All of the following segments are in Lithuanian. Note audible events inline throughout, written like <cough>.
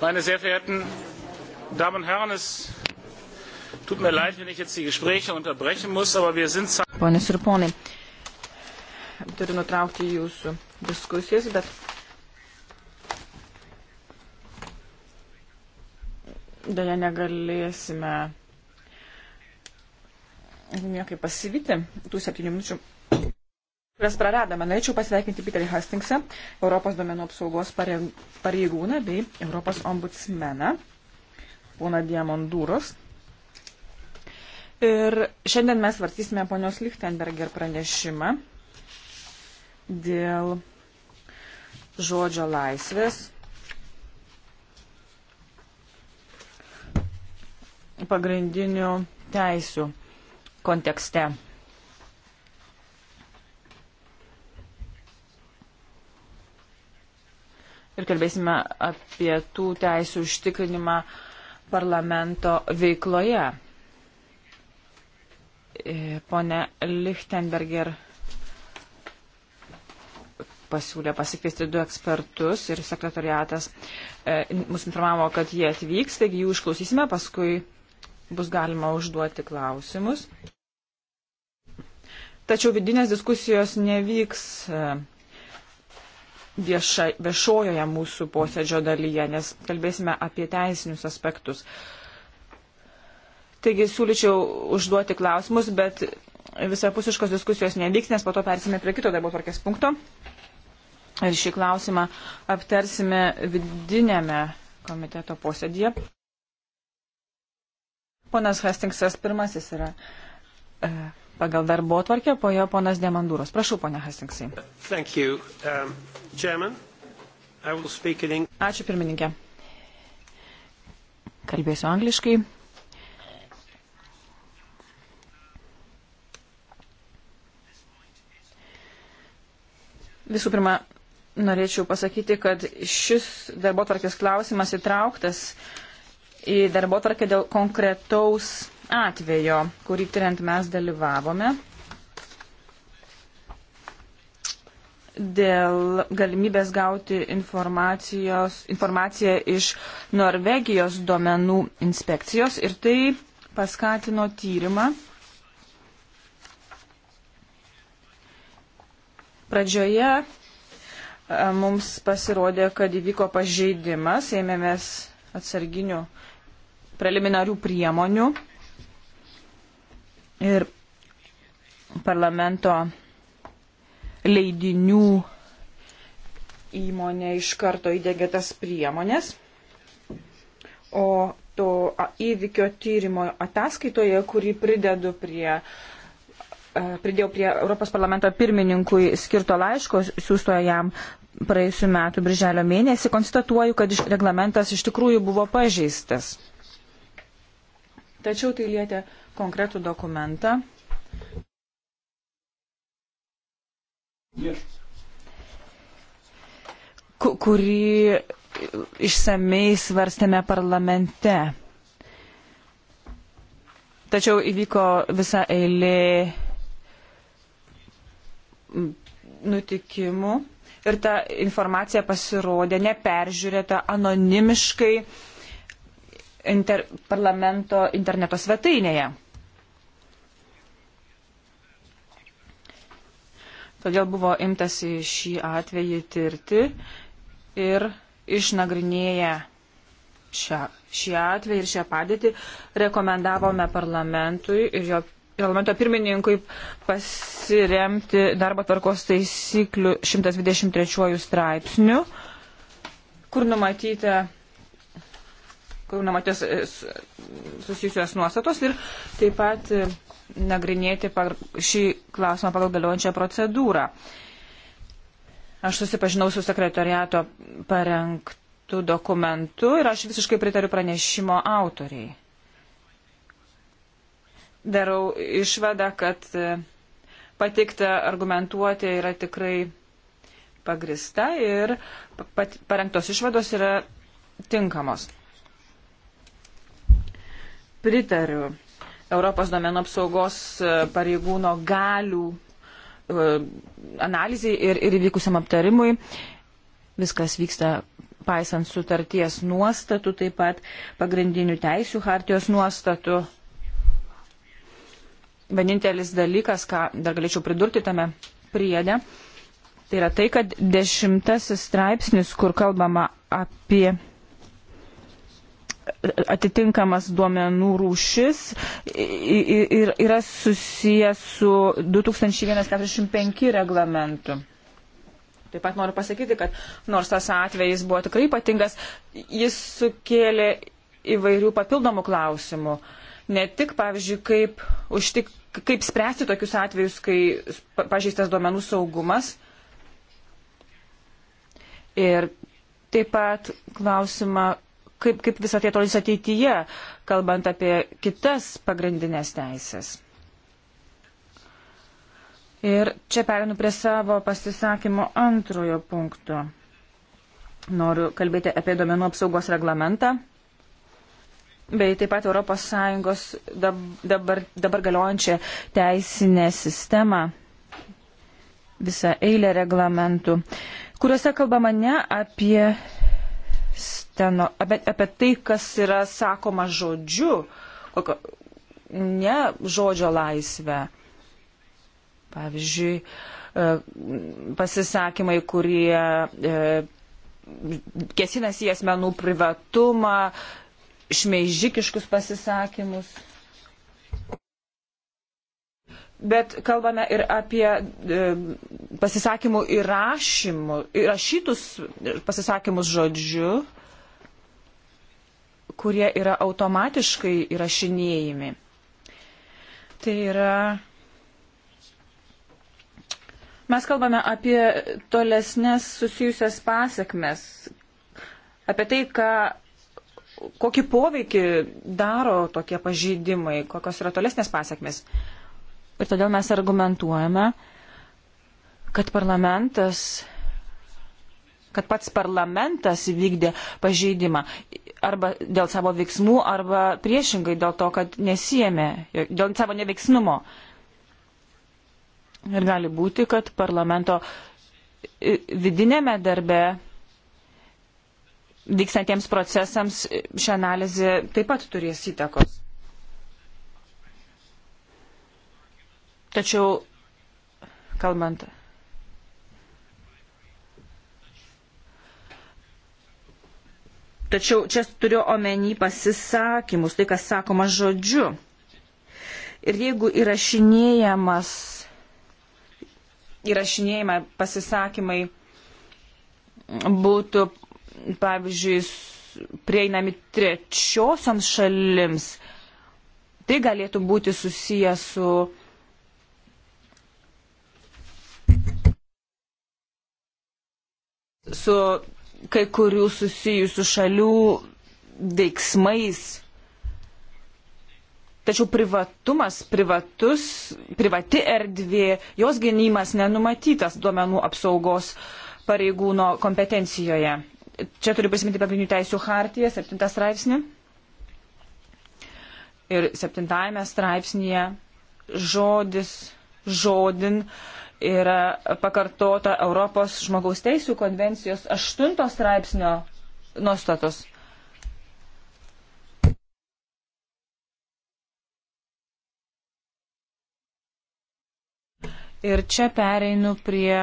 Meine sehr verehrten Damen und Herren, es tut mir leid, wenn ich jetzt die Gespräche unterbrechen muss, aber wir sind. Ponas ir ponai, turiu nutraukti jūsų diskusijas, bet dėja negalėsime niekaip pasivyti tų septynių minučių kurias praradome. Norėčiau pasveikinti Peterį Hastingsą, Europos domenų apsaugos pareigūną bei Europos ombudsmeną, poną Diamondūros. Ir šiandien mes vartysime ponios Lichtenberger pranešimą dėl žodžio laisvės. pagrindinių teisių kontekste. ir kalbėsime apie tų teisų užtikrinimą parlamento veikloje. E, pone Lichtenberger pasiūlė pasikviesti du ekspertus ir sekretariatas e, mus informavo, kad jie atvyks, taigi jų išklausysime, paskui bus galima užduoti klausimus. Tačiau vidinės diskusijos nevyks. E, vieša, viešojoje mūsų posėdžio dalyje, nes kalbėsime apie teisinius aspektus. Taigi siūlyčiau užduoti klausimus, bet visapusiškos diskusijos nevyks, nes po to persime prie kito darbo tvarkės punkto. Ir šį klausimą aptarsime vidinėme komiteto posėdėje. Ponas Hastingsas pirmasis yra. Uh, pagal darbo atvarkę, po jo ponas Demandūros. Prašau, ponė Hastingsai. Um, in... Ačiū pirmininkė. Kalbėsiu angliškai. Visų pirma, norėčiau pasakyti, kad šis darbo tvarkės klausimas įtrauktas į darbo tvarkę dėl konkretaus atvejo, kurį tyriant mes dalyvavome dėl galimybės gauti informaciją iš Norvegijos duomenų inspekcijos ir tai paskatino tyrimą. Pradžioje e, mums pasirodė, kad įvyko pažeidimas, ėmėmės atsarginių preliminarių priemonių ir parlamento leidinių įmonė iš karto įdėgė tas priemonės. O to įvykio tyrimo ataskaitoje, kurį pridedu prie, e, pridėjau prie Europos parlamento pirmininkui skirto laiško, siūsto jam praėjusiu metu birželio mėnesį, konstatuoju, kad reglamentas iš tikrųjų buvo pažeistas. Tačiau tai lietė konkretų dokumentą. kurį išsamei svarstėme parlamente. Tačiau įvyko visa eilė nutikimų ir ta informacija pasirodė neperžiūrėta anonimiškai inter, parlamento interneto svetainėje. Todėl buvo imtasi šį atvejį tirti ir išnagrinėję šią, šį atvejį ir šią padėtį rekomendavome parlamentui ir jo parlamento pirmininkui pasiremti darbo tvarkos taisyklių 123 straipsnių, kur numatyta kur numatės e, susijusios nuostatos ir taip pat e, nagrinėti šį klausimą pagal galiojančią procedūrą. Aš susipažinau su sekretariato parengtų dokumentų ir aš visiškai pritariu pranešimo autoriai. Darau išvadą, kad e, pateikta argumentuoti yra tikrai pagrista ir pat, parengtos išvados yra tinkamos. Pritariu Europos domenų apsaugos e, pareigūno galių e, analizai ir, ir vykusiam aptarimui. Viskas vyksta paisant sutarties nuostatų, taip pat pagrindinių teisių hartijos nuostatų. Vienintelis dalykas, ką dar galėčiau pridurti tame priedė, tai yra tai, kad dešimtasis straipsnis, kur kalbama apie atitinkamas duomenų rūšis ir yra susijęs su 2145 reglamentu. Taip pat noriu pasakyti, kad nors tas atvejis buvo tikrai ypatingas, jis sukėlė įvairių papildomų klausimų. Ne tik, pavyzdžiui, kaip, užtik, kaip spręsti tokius atvejus, kai pažeistas duomenų saugumas. Ir taip pat klausimą, kaip, kaip visą tai atrodys ateityje, kalbant apie kitas pagrindinės teisės. Ir čia perinu prie savo pasisakymo antrojo punkto. Noriu kalbėti apie domenų apsaugos reglamentą, bei taip pat ES dabar, dabar galiojančią teisinę sistemą, visą eilę reglamentų, kuriuose kalbama ne apie ten, apie, apie tai, kas yra sakoma žodžiu, kokio, ne žodžio laisvę. Pavyzdžiui, e, pasisakymai, kurie e, kėsinasi į asmenų privatumą, šmeižikiškus pasisakymus. Bet kalbame ir apie e, pasisakymų įrašymus, įrašytus pasisakymus žodžiu kurie yra automatiškai įrašinėjami. Tai yra. Mes kalbame apie tolesnės susijusias pasiekmes, apie tai, ką, kokį poveikį daro tokie pažeidimai, kokios yra tolesnės pasiekmes. Ir todėl mes argumentuojame, kad parlamentas kad pats parlamentas įvykdė pažeidimą arba dėl savo veiksmų, arba priešingai dėl to, kad nesijėmė, dėl savo neveiksnumo. Ir gali būti, kad parlamento vidinėme darbe vykstantiems procesams ši analizė taip pat turės įtakos. Tačiau, kalbant Tačiau čia turiu omeny pasisakymus, tai kas sakoma žodžiu. Ir jeigu įrašinėjamas, įrašinėjama pasisakymai būtų, pavyzdžiui, prieinami trečiosioms šalims, tai galėtų būti susiję su su kai kurių susijusių šalių veiksmais. Tačiau privatumas, privatus, privati erdvė, jos gynimas nenumatytas duomenų apsaugos pareigūno kompetencijoje. Čia turiu pasiminti pagrindinių teisų hartiją, septintą straipsnį. Ir septintajame straipsnėje žodis žodin yra pakartota Europos žmogaus teisų konvencijos 8 straipsnio nuostatos. Ir čia pereinu prie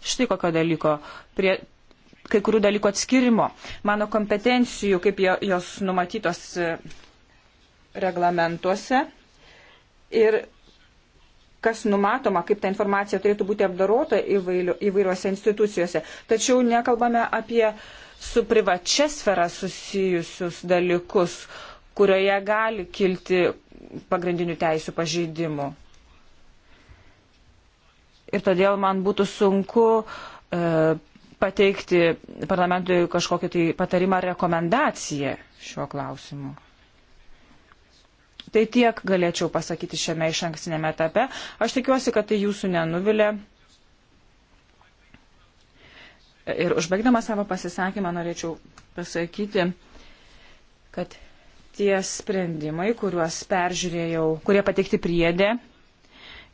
štai kokio dalyko, prie kai kurių dalykų atskirimo. Mano kompetencijų, kaip jos numatytos e, reglamentuose. Ir kas numatoma, kaip ta informacija turėtų būti apdarota įvairiuose institucijose. Tačiau nekalbame apie su privačia sfera susijusius dalykus, kurioje gali kilti pagrindinių teisų pažeidimų. Ir todėl man būtų sunku e, pateikti parlamentui kažkokį tai patarimą ar rekomendaciją šiuo klausimu. Tai tiek galėčiau pasakyti šiame iš ankstinėme etape. Aš tikiuosi, kad tai jūsų nenuvilė. Ir užbaigdama savo pasisakymą norėčiau pasakyti, kad tie sprendimai, kuriuos peržiūrėjau, kurie pateikti priedė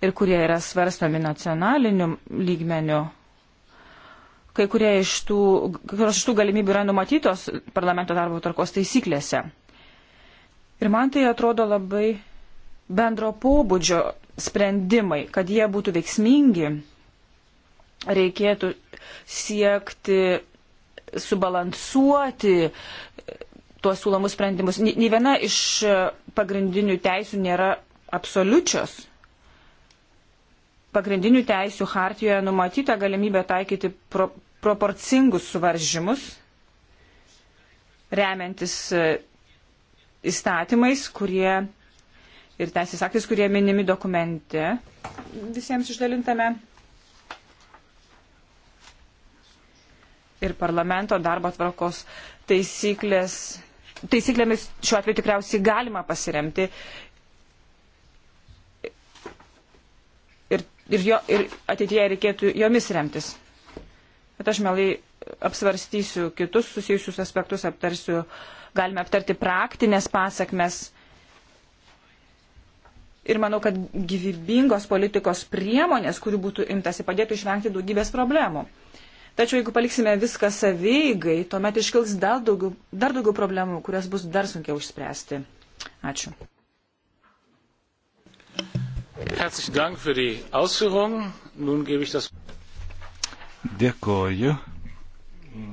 ir kurie yra svarstami nacionaliniu lygmeniu, kai kurie iš tų, iš tų galimybių yra numatytos parlamento darbo tarkos taisyklėse. Ir man tai atrodo labai bendro pobūdžio sprendimai, kad jie būtų veiksmingi, reikėtų siekti subalansuoti tuos siūlomus sprendimus. Nė viena iš pagrindinių teisių nėra absoliučios. Pagrindinių teisių hartijoje numatyta galimybė taikyti pro, proporcingus suvaržymus, remiantis įstatymais, kurie ir teisės aktais, kurie minimi dokumente visiems išdalintame. Ir parlamento darbo tvarkos taisyklės, taisyklėmis šiuo atveju tikriausiai galima pasiremti. Ir, ir, jo, ir ateityje reikėtų jomis remtis. Bet aš melai apsvarstysiu kitus susijusius aspektus, aptarsiu uh, galime aptarti praktinės pasakmes. Ir manau, kad gyvybingos politikos priemonės, kurių būtų imtasi, padėtų išvengti daugybės problemų. Tačiau jeigu paliksime viską savygai, tuomet iškils dar daugiau, dar daugiau problemų, kurias bus dar sunkiau išspręsti. Ačiū. Dėkoju.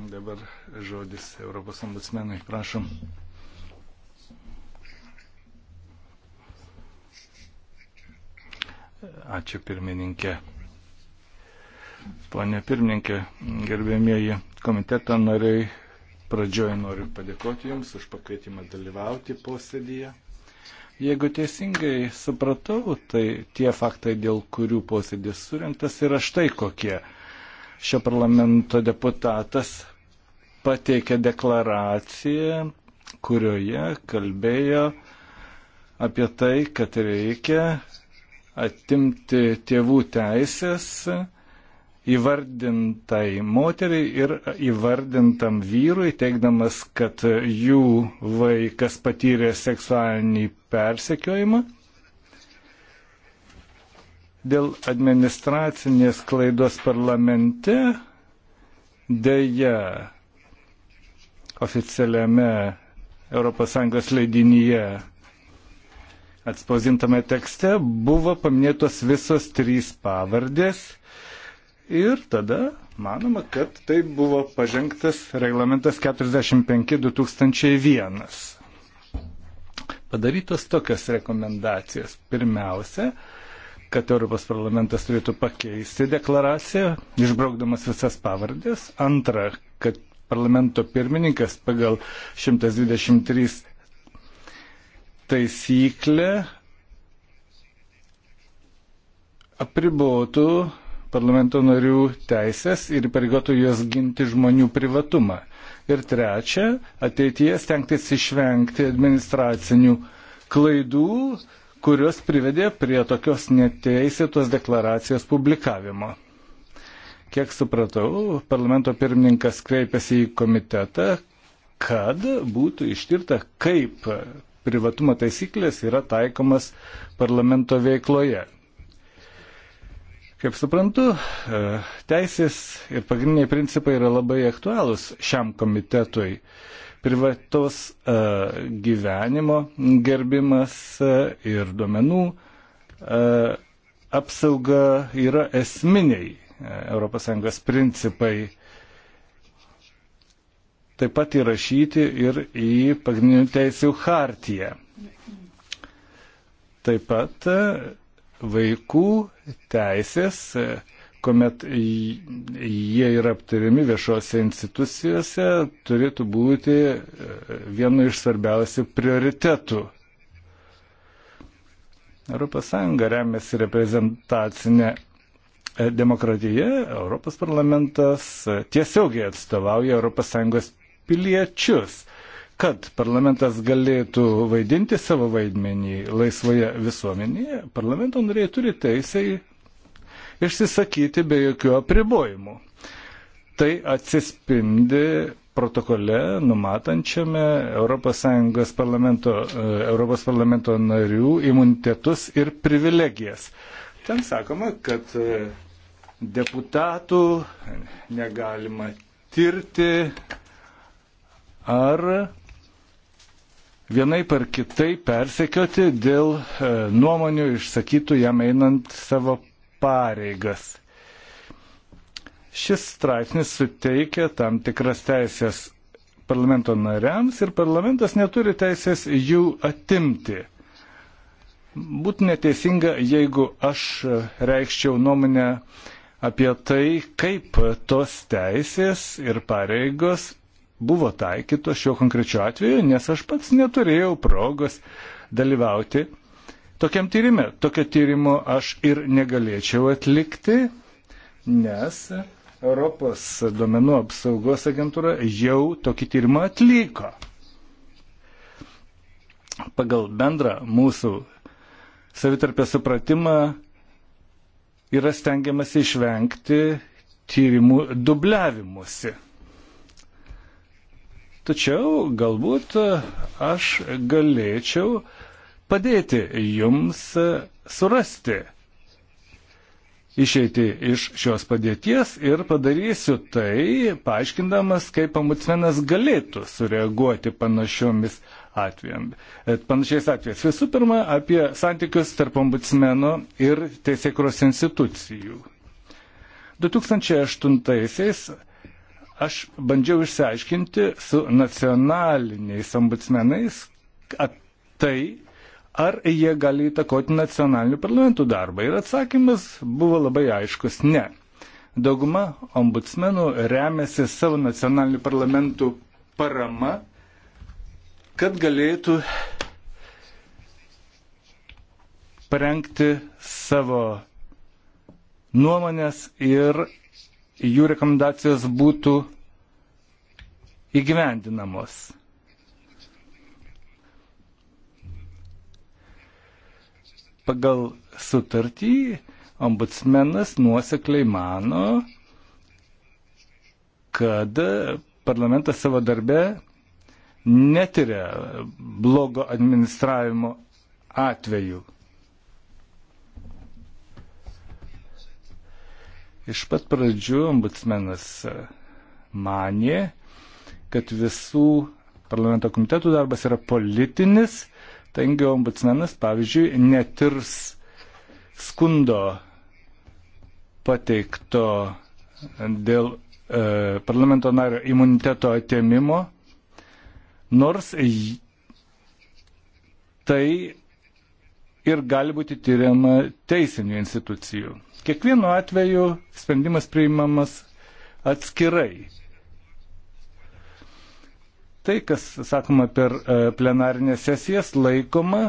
Dabar žodis Europos ombudsmenui. Prašom. Ačiū pirmininkė. Pone pirmininkė, gerbėmieji komiteto nariai, pradžioje noriu padėkoti Jums už pakvietimą dalyvauti posėdyje. Jeigu teisingai supratau, tai tie faktai, dėl kurių posėdis surinktas, yra štai kokie. Šio parlamento deputatas pateikė deklaraciją, kurioje kalbėjo apie tai, kad reikia atimti tėvų teisės įvardintai moteriai ir įvardintam vyrui, teikdamas, kad jų vaikas patyrė seksualinį persekiojimą. Dėl administracinės klaidos parlamente dėja oficialiame ES leidinyje atspausdintame tekste buvo paminėtos visos trys pavardės ir tada manoma, kad tai buvo pažengtas reglamentas 45-2001. Padarytos tokios rekomendacijos. Pirmiausia, kad Europos parlamentas turėtų pakeisti deklaraciją, išbraukdamas visas pavardės. Antra, kad parlamento pirmininkas pagal 123 taisyklę apribotų parlamento narių teisės ir pareigotų juos ginti žmonių privatumą. Ir trečia, ateityje stengtis išvengti administracinių klaidų, kurios privedė prie tokios neteisėtos deklaracijos publikavimo. Kiek supratau, parlamento pirmininkas kreipėsi į komitetą, kad būtų ištirta, kaip privatumo taisyklės yra taikomas parlamento veikloje. Kaip suprantu, e, teisės ir pagrindiniai principai yra labai aktualūs šiam komitetui. Privatos e, gyvenimo gerbimas e, ir duomenų apsauga yra esminiai ES principai taip pat įrašyti ir į pagrindinių teisų hartiją. Taip pat e, vaikų teisės, e, kuomet jie yra aptariami viešose institucijose, turėtų būti e, vienu iš svarbiausių prioritetų. ES remiasi reprezentacinė E, demokratija Europos parlamentas e, tiesiogiai atstovauja ES piliečius. Kad parlamentas galėtų vaidinti savo vaidmenį laisvoje visuomenėje, parlamento nariai turi teisę išsisakyti be jokių apribojimų. Tai atsispindi protokole numatančiame ES parlamento, e, Europos parlamento narių imunitetus ir privilegijas. Ten sakoma, kad e, deputatų negalima tirti ar vienai par kitai persekioti dėl e, nuomonių išsakytų jam einant savo pareigas. Šis straipsnis suteikia tam tikras teisės parlamento nariams ir parlamentas neturi teisės jų atimti. Būtų neteisinga, jeigu aš e, reikščiau nuomonę apie tai, kaip tos teisės ir pareigos buvo taikytos šiuo konkrečiu atveju, nes aš pats neturėjau progos dalyvauti tokiam tyrimė. Tokio tyrimo aš ir negalėčiau atlikti, nes Europos duomenų apsaugos agentūra jau tokį tyrimą atliko. Pagal bendrą mūsų savitarpę supratimą yra stengiamas išvengti tyrimų dubliavimuose. Tačiau galbūt aš galėčiau padėti jums surasti išeiti iš šios padėties ir padarysiu tai, paaiškindamas, kaip pamutsmenas galėtų sureaguoti panašiomis atvejams. E, panašiais atvejais. Visų pirma, apie santykius tarp ombudsmeno ir teisėkros institucijų. 2008-aisiais aš bandžiau išsiaiškinti su nacionaliniais ombudsmenais tai, ar jie gali įtakoti nacionalinių parlamentų darbą. Ir atsakymas buvo labai aiškus - ne. Dauguma ombudsmenų remiasi savo nacionalinių parlamentų parama kad galėtų parengti savo nuomonės ir jų rekomendacijos būtų įgyvendinamos. Pagal sutartį ombudsmenas nuosekliai mano, kad parlamentas savo darbe netiria blogo administravimo atveju. Iš pat pradžių ombudsmenas e, manė, kad visų parlamento komitetų darbas yra politinis, tengi ombudsmenas, pavyzdžiui, netirs skundo pateikto dėl e, parlamento nario imuniteto atėmimo nors tai ir gali būti tyriama teisinių institucijų. Kiekvienu atveju sprendimas priimamas atskirai. Tai, kas sakoma per e, plenarinės sesijas, laikoma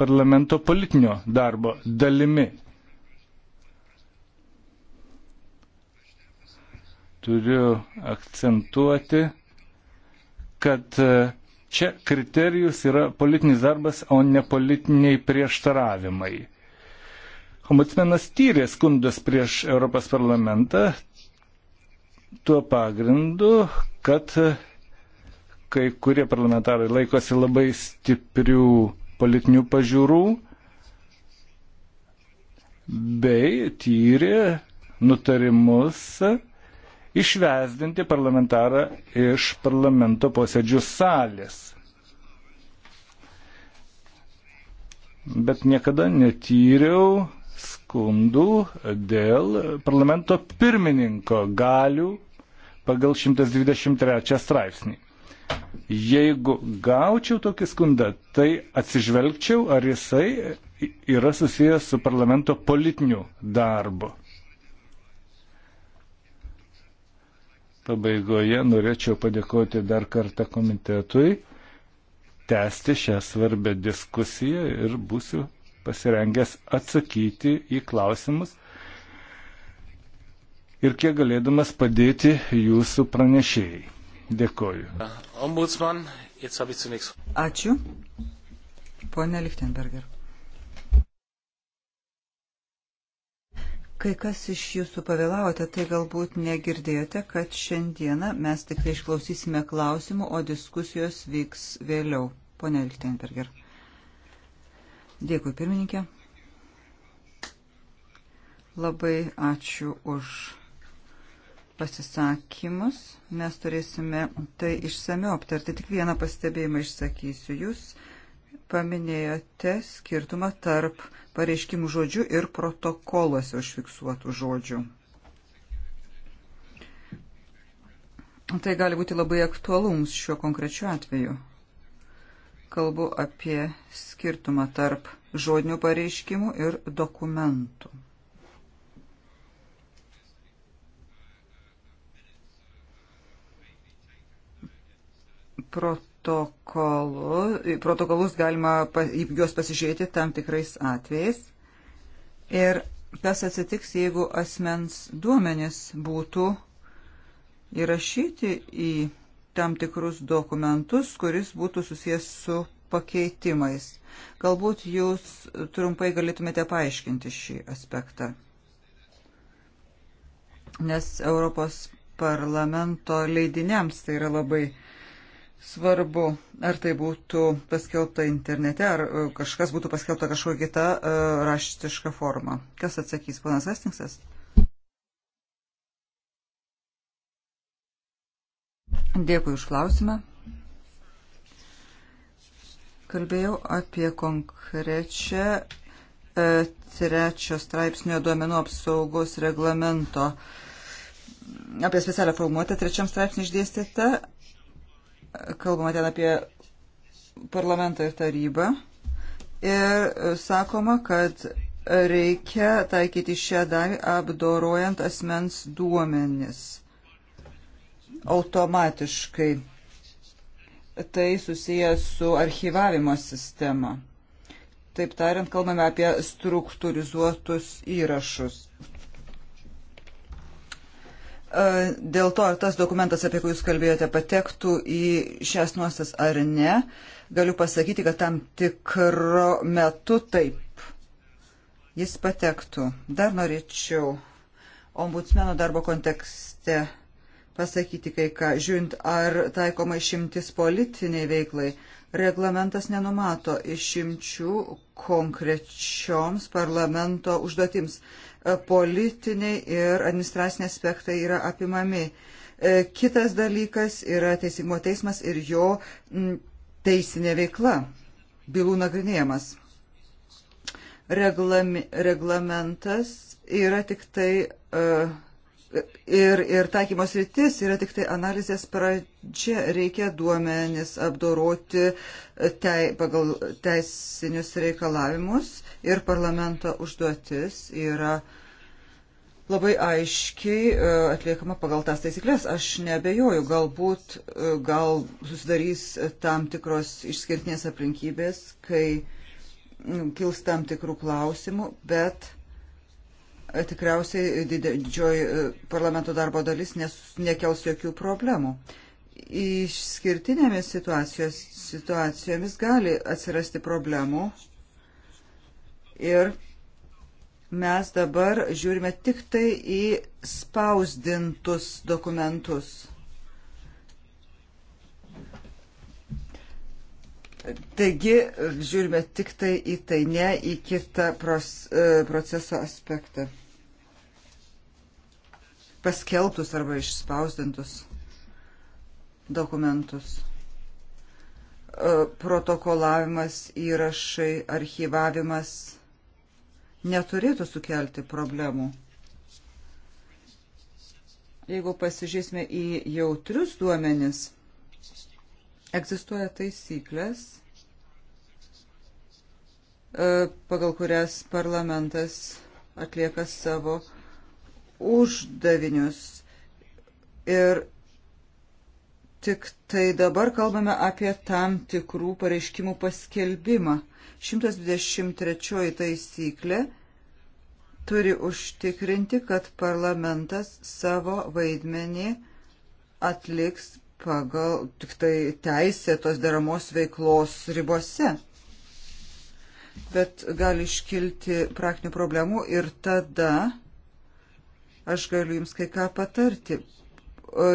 parlamento politinio darbo dalimi. Turiu akcentuoti kad e, čia kriterijus yra politinis darbas, o ne politiniai prieštaravimai. Ombudsmenas tyrė skundus prieš Europos parlamentą tuo pagrindu, kad kai kurie parlamentarai laikosi labai stiprių politinių pažiūrų, bei tyrė nutarimus išvesdinti parlamentarą iš parlamento posėdžių salės. Bet niekada netyriau skundų dėl parlamento pirmininko galių pagal 123 straipsnį. Jeigu gaučiau tokį skundą, tai atsižvelgčiau, ar jisai yra susijęs su parlamento politiniu darbu. Pabaigoje norėčiau padėkoti dar kartą komitetui, tęsti šią svarbę diskusiją ir būsiu pasirengęs atsakyti į klausimus ir kiek galėdamas padėti jūsų pranešėjai. Dėkoju. Ombudsman, Ačiū. Pone Lichtenberger. Kai kas iš jūsų pavėlavote, tai galbūt negirdėjote, kad šiandieną mes tik tai išklausysime klausimų, o diskusijos vyks vėliau. Pone Lichtenberger. Dėkui, pirmininkė. Labai ačiū už pasisakymus. Mes turėsime tai išsamiau aptarti. Tik vieną pastebėjimą išsakysiu. Jūs paminėjote skirtumą tarp pareiškimų žodžių ir protokoluose užfiksuotų žodžių. Tai gali būti labai aktualu mums šiuo konkrečiu atveju. Kalbu apie skirtumą tarp žodinių pareiškimų ir dokumentų. Prot protokolu, protokolus galima juos pasižiūrėti tam tikrais atvejais. Ir kas atsitiks, jeigu asmens duomenis būtų įrašyti į tam tikrus dokumentus, kuris būtų susijęs su pakeitimais. Galbūt jūs trumpai galėtumėte paaiškinti šį aspektą. Nes Europos parlamento leidiniams tai yra labai uh, svarbu, ar tai būtų paskelbta internete, ar e, kažkas būtų paskelbta kažkokia kita e, raštiška forma. Kas atsakys, ponas Astingsas? Dėkui už klausimą. Kalbėjau apie konkrečią e, trečio straipsnio duomenų apsaugos reglamento, apie specialią formuotę trečiam straipsnį išdėstytą kalbama ten apie parlamentą ir tarybą. Ir e, sakoma, kad reikia taikyti šią dalį apdorojant asmens duomenis automatiškai. Tai susijęs su archivavimo sistema. Taip tariant, kalbame apie struktūrizuotus įrašus. E, dėl to, ar tas dokumentas, apie kurį jūs kalbėjote, patektų į šias nuostas ar ne, galiu pasakyti, kad tam tikro metu taip jis patektų. Dar norėčiau ombudsmeno darbo kontekste pasakyti kai ką, žiūrint, ar taikoma išimtis politiniai veiklai. Reglamentas nenumato išimčių konkrečioms parlamento užduotims politiniai ir administraciniai aspektai yra apimami. E, kitas dalykas yra teisingumo teismas ir jo teisinė veikla, bylų nagrinėjimas. Reglami, reglamentas yra tik tai uh, ir, ir taikymos rytis yra tik tai analizės pradžia. Reikia duomenis apdoroti tei, pagal teisinius reikalavimus ir parlamento užduotis yra labai aiškiai e, atliekama pagal tas taisyklės. Aš nebejoju, galbūt e, gal susidarys tam tikros išskirtinės aplinkybės, kai kils tam tikrų klausimų, bet tikriausiai didžioji e, parlamento darbo dalis nes, nekels jokių problemų. Išskirtinėmis situacijomis gali atsirasti problemų ir mes dabar žiūrime tik tai į spausdintus dokumentus. Taigi, žiūrime tik tai į tai, ne į kitą e, proceso aspektą paskelbtus arba išspausdintus dokumentus. E, protokolavimas, įrašai, archyvavimas neturėtų sukelti problemų. Jeigu pasižiūrėsime į jautrius duomenis, egzistuoja taisyklės, e, pagal kurias parlamentas atlieka savo uh, uždavinius. Ir tik tai dabar kalbame apie tam tikrų pareiškimų paskelbimą. 123 taisyklė turi užtikrinti, kad parlamentas savo vaidmenį atliks pagal tik tai teisė tos deramos veiklos ribose. Bet gali iškilti praktinių problemų ir tada Aš galiu Jums kai ką patarti.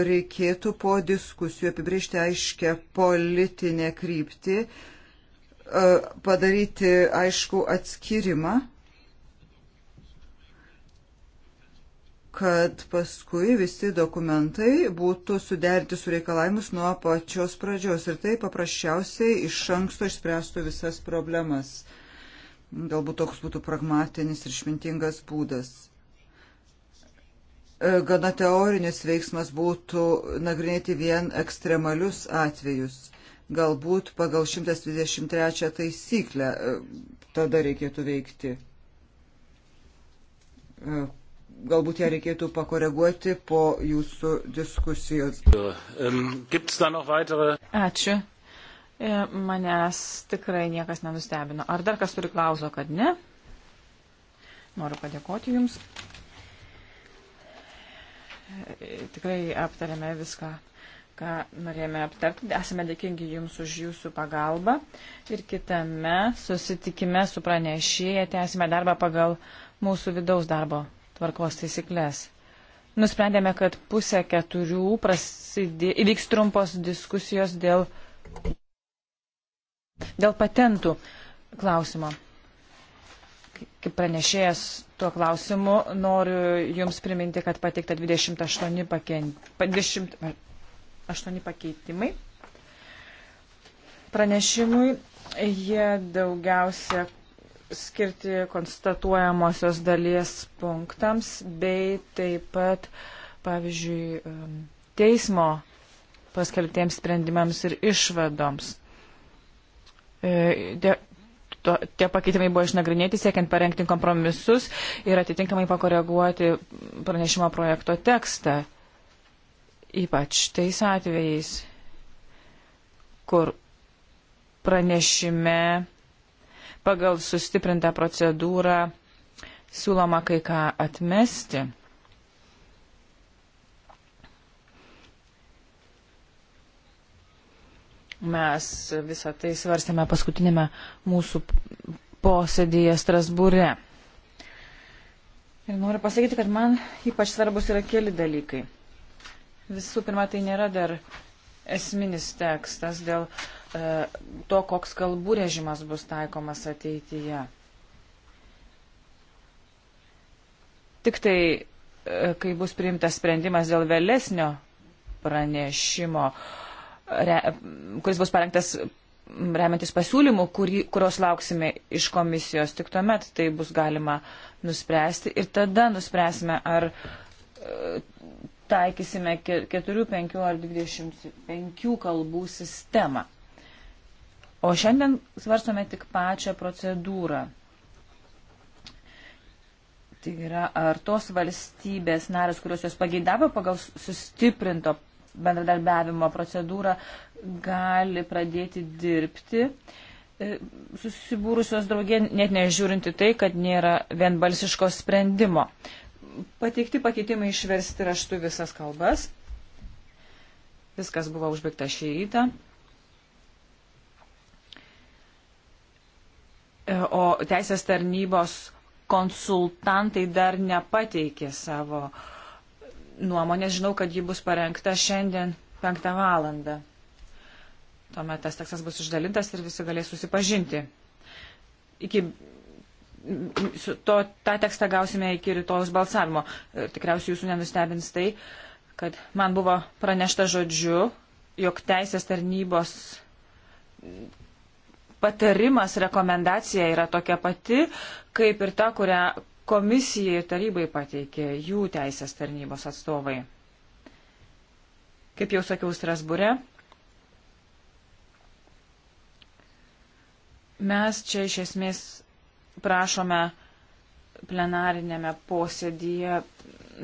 Reikėtų po diskusijų apibriežti aiškę politinę kryptį, e, padaryti aišku atskirimą, kad paskui visi dokumentai būtų suderti su reikalavimus nuo pačios pradžios ir tai paprasčiausiai iš anksto išspręstų visas problemas. Galbūt toks būtų pragmatinis ir išmintingas būdas. E, gana teorinis veiksmas būtų nagrinėti vien ekstremalius atvejus. Galbūt pagal 123 taisyklę e, tada reikėtų veikti. E, galbūt ją reikėtų pakoreguoti po jūsų diskusijos. Ähm, Ačiū. Manęs tikrai niekas nenustebino. Ar dar kas turi klauso, kad ne? Noriu padėkoti Jums. Tikrai aptarėme viską, ką norėjome aptarti. Esame dėkingi Jums už Jūsų pagalbą. Ir kitame susitikime su pranešėje tęsime darbą pagal mūsų vidaus darbo tvarkos taisyklės. Nusprendėme, kad pusę keturių prasidė, įvyks trumpos diskusijos dėl, dėl patentų klausimo kaip pranešėjas tuo klausimu, noriu Jums priminti, kad pateikta 28, pakeen, 28 pakeitimai. Pranešimui jie daugiausia skirti konstatuojamosios dalies punktams bei taip pat, pavyzdžiui, teismo paskelbtiems sprendimams ir išvadoms. E, to, tie pakeitimai buvo išnagrinėti, siekiant parengti kompromisus ir atitinkamai pakoreguoti pranešimo projekto tekstą. Ypač tais atvejais, kur pranešime pagal sustiprintą procedūrą siūloma kai ką atmesti. Mes visą tai svarstėme paskutinėme mūsų posėdėje Strasbūre. Ir noriu pasakyti, kad man ypač svarbus yra keli dalykai. Visų pirma, tai nėra dar esminis tekstas dėl e, to, koks kalbų režimas bus taikomas ateityje. Tik tai, e, kai bus priimtas sprendimas dėl vėlesnio pranešimo, e, re, kuris bus parengtas remiantis pasiūlymų, kurį, kurios lauksime iš komisijos. Tik tuomet tai bus galima nuspręsti ir tada nuspręsime, ar e, taikysime 4, 5 ar 25 kalbų sistemą. O šiandien svarstome tik pačią procedūrą. Tai yra, ar tos valstybės narės, kurios jos pageidavo pagal sustiprinto bendradarbiavimo procedūrą gali pradėti dirbti. E, susibūrusios draugė, net nežiūrinti tai, kad nėra vienbalsiško sprendimo. Pateikti pakeitimai išversti raštu visas kalbas. Viskas buvo užbaigta šį rytą. E, o teisės tarnybos konsultantai dar nepateikė savo uh, nuomonės. Žinau, kad ji bus parengta šiandien 5 valandą. Tuomet tas tekstas bus išdalintas ir visi galės susipažinti. Iki to, tą tekstą gausime iki rytojus balsavimo. Ir e, tikriausiai jūsų nenustebins tai, kad man buvo pranešta žodžiu, jog teisės tarnybos patarimas, rekomendacija yra tokia pati, kaip ir ta, kurią, komisijai ir tarybai pateikė jų teisės tarnybos atstovai. Kaip jau sakiau Strasbūre, mes čia iš esmės prašome plenarinėme posėdyje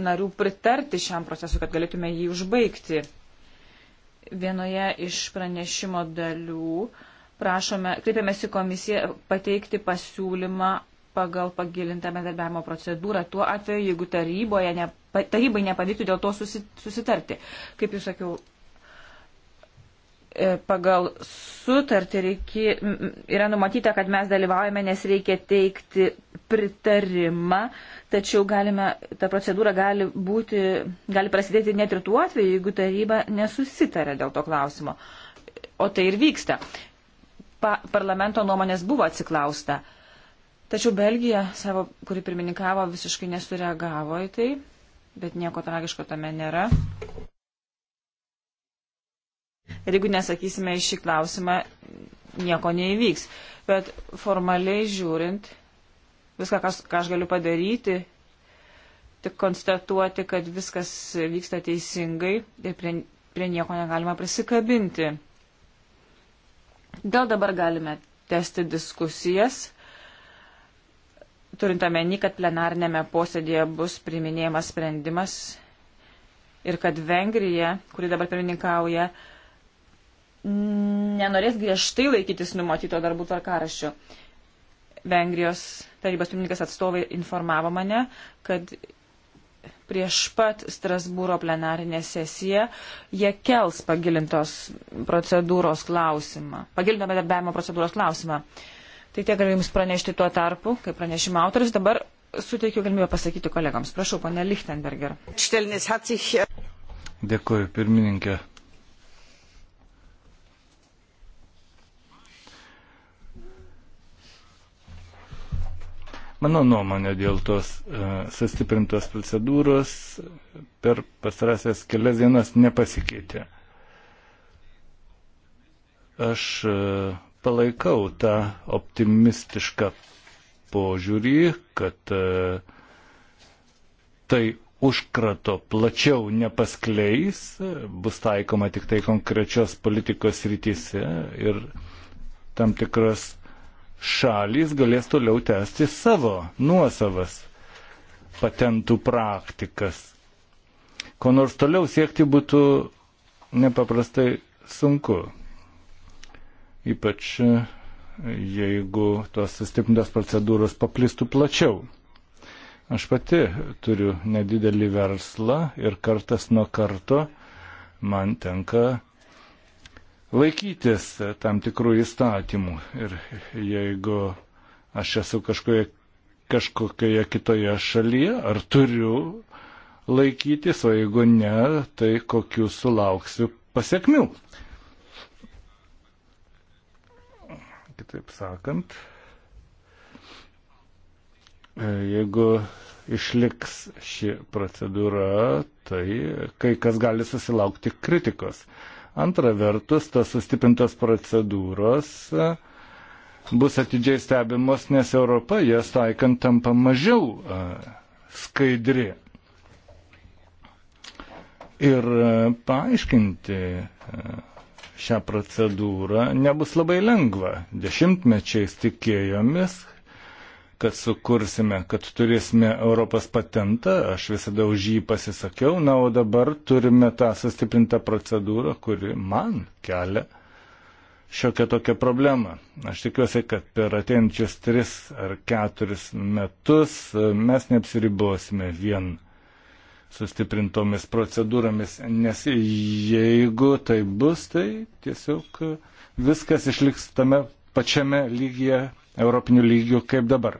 narių pritarti šiam procesui, kad galėtume jį užbaigti. Vienoje iš pranešimo dalių prašome, kreipiamės į komisiją pateikti pasiūlymą pagal pagilintą bendarbiavimo procedūrą tuo atveju, jeigu taryboje ne, tarybai nepavyktų dėl to susitarti. Kaip jūs sakiau, e, pagal sutartį reiki, yra numatyta, kad mes dalyvaujame, nes reikia teikti pritarimą, tačiau galime, ta procedūra gali, būti, gali prasidėti net ir tuo atveju, jeigu taryba nesusitarė dėl to klausimo. O tai ir vyksta. Pa, parlamento nuomonės buvo atsiklausta. Tačiau Belgija, savo, kuri pirmininkavo, visiškai nesureagavo į tai, bet nieko tragiško tame nėra. Ir jeigu nesakysime į šį klausimą, nieko neįvyks. Bet formaliai žiūrint, viską, kas, ką aš galiu padaryti, tik konstatuoti, kad viskas vyksta teisingai ir prie, prie nieko negalima prisikabinti. Gal dabar galime tęsti diskusijas turint omeny, kad plenarnėme posėdėje bus priminėjamas sprendimas ir kad Vengrija, kuri dabar pirmininkauja, nenorės griežtai laikytis numatyto darbų tvarkaraščio. Vengrijos tarybos pirmininkas atstovai informavo mane, kad prieš pat Strasbūro plenarinę sesiją jie kels pagilintos procedūros klausimą, pagilinto bedarbiavimo procedūros klausimą. Uh, Tai tiek galiu Jums pranešti tuo tarpu, kaip pranešimo autoris. Dabar suteikiu galimybę pasakyti kolegams. Prašau, ponė Lichtenberger. Dėkuoju, pirmininkė. Mano nuomonė dėl tos uh, sustiprintos procedūros per pastarąsias kelias dienas nepasikeitė. Aš uh, palaikau tą optimistišką požiūrį, kad e, tai užkrato plačiau nepaskleis, bus taikoma tik tai konkrečios politikos rytise ir tam tikros šalys galės toliau tęsti savo nuosavas patentų praktikas. Ko nors toliau siekti būtų nepaprastai sunku ypač e, jeigu tos sustiprintos procedūros paplistų plačiau. Aš pati turiu nedidelį verslą ir kartas nuo karto man tenka laikytis tam tikrų įstatymų. Ir jeigu aš esu kažkoje, kažkokioje kitoje šalyje, ar turiu laikytis, o jeigu ne, tai kokiu sulauksiu pasiekmių. Kitaip sakant, e, jeigu išliks ši procedūra, tai kai kas gali susilaukti kritikos. Antra vertus, tos sustiprintos procedūros e, bus atidžiai stebimos, nes Europa jas taikant tampa mažiau e, skaidri. Ir paaiškinti šią procedūrą nebus labai lengva. Dešimtmečiais tikėjomis, kad sukursime, kad turėsime Europos patentą, aš visada už jį pasisakiau, na, o dabar turime tą sustiprintą procedūrą, kuri man kelia šiokią tokią problemą. Aš tikiuosi, kad per ateinančius tris ar keturis metus mes neapsiribosime vien sustiprintomis procedūromis, nes jeigu tai bus, tai tiesiog viskas išliks tame pačiame lygyje, europinių lygių kaip dabar.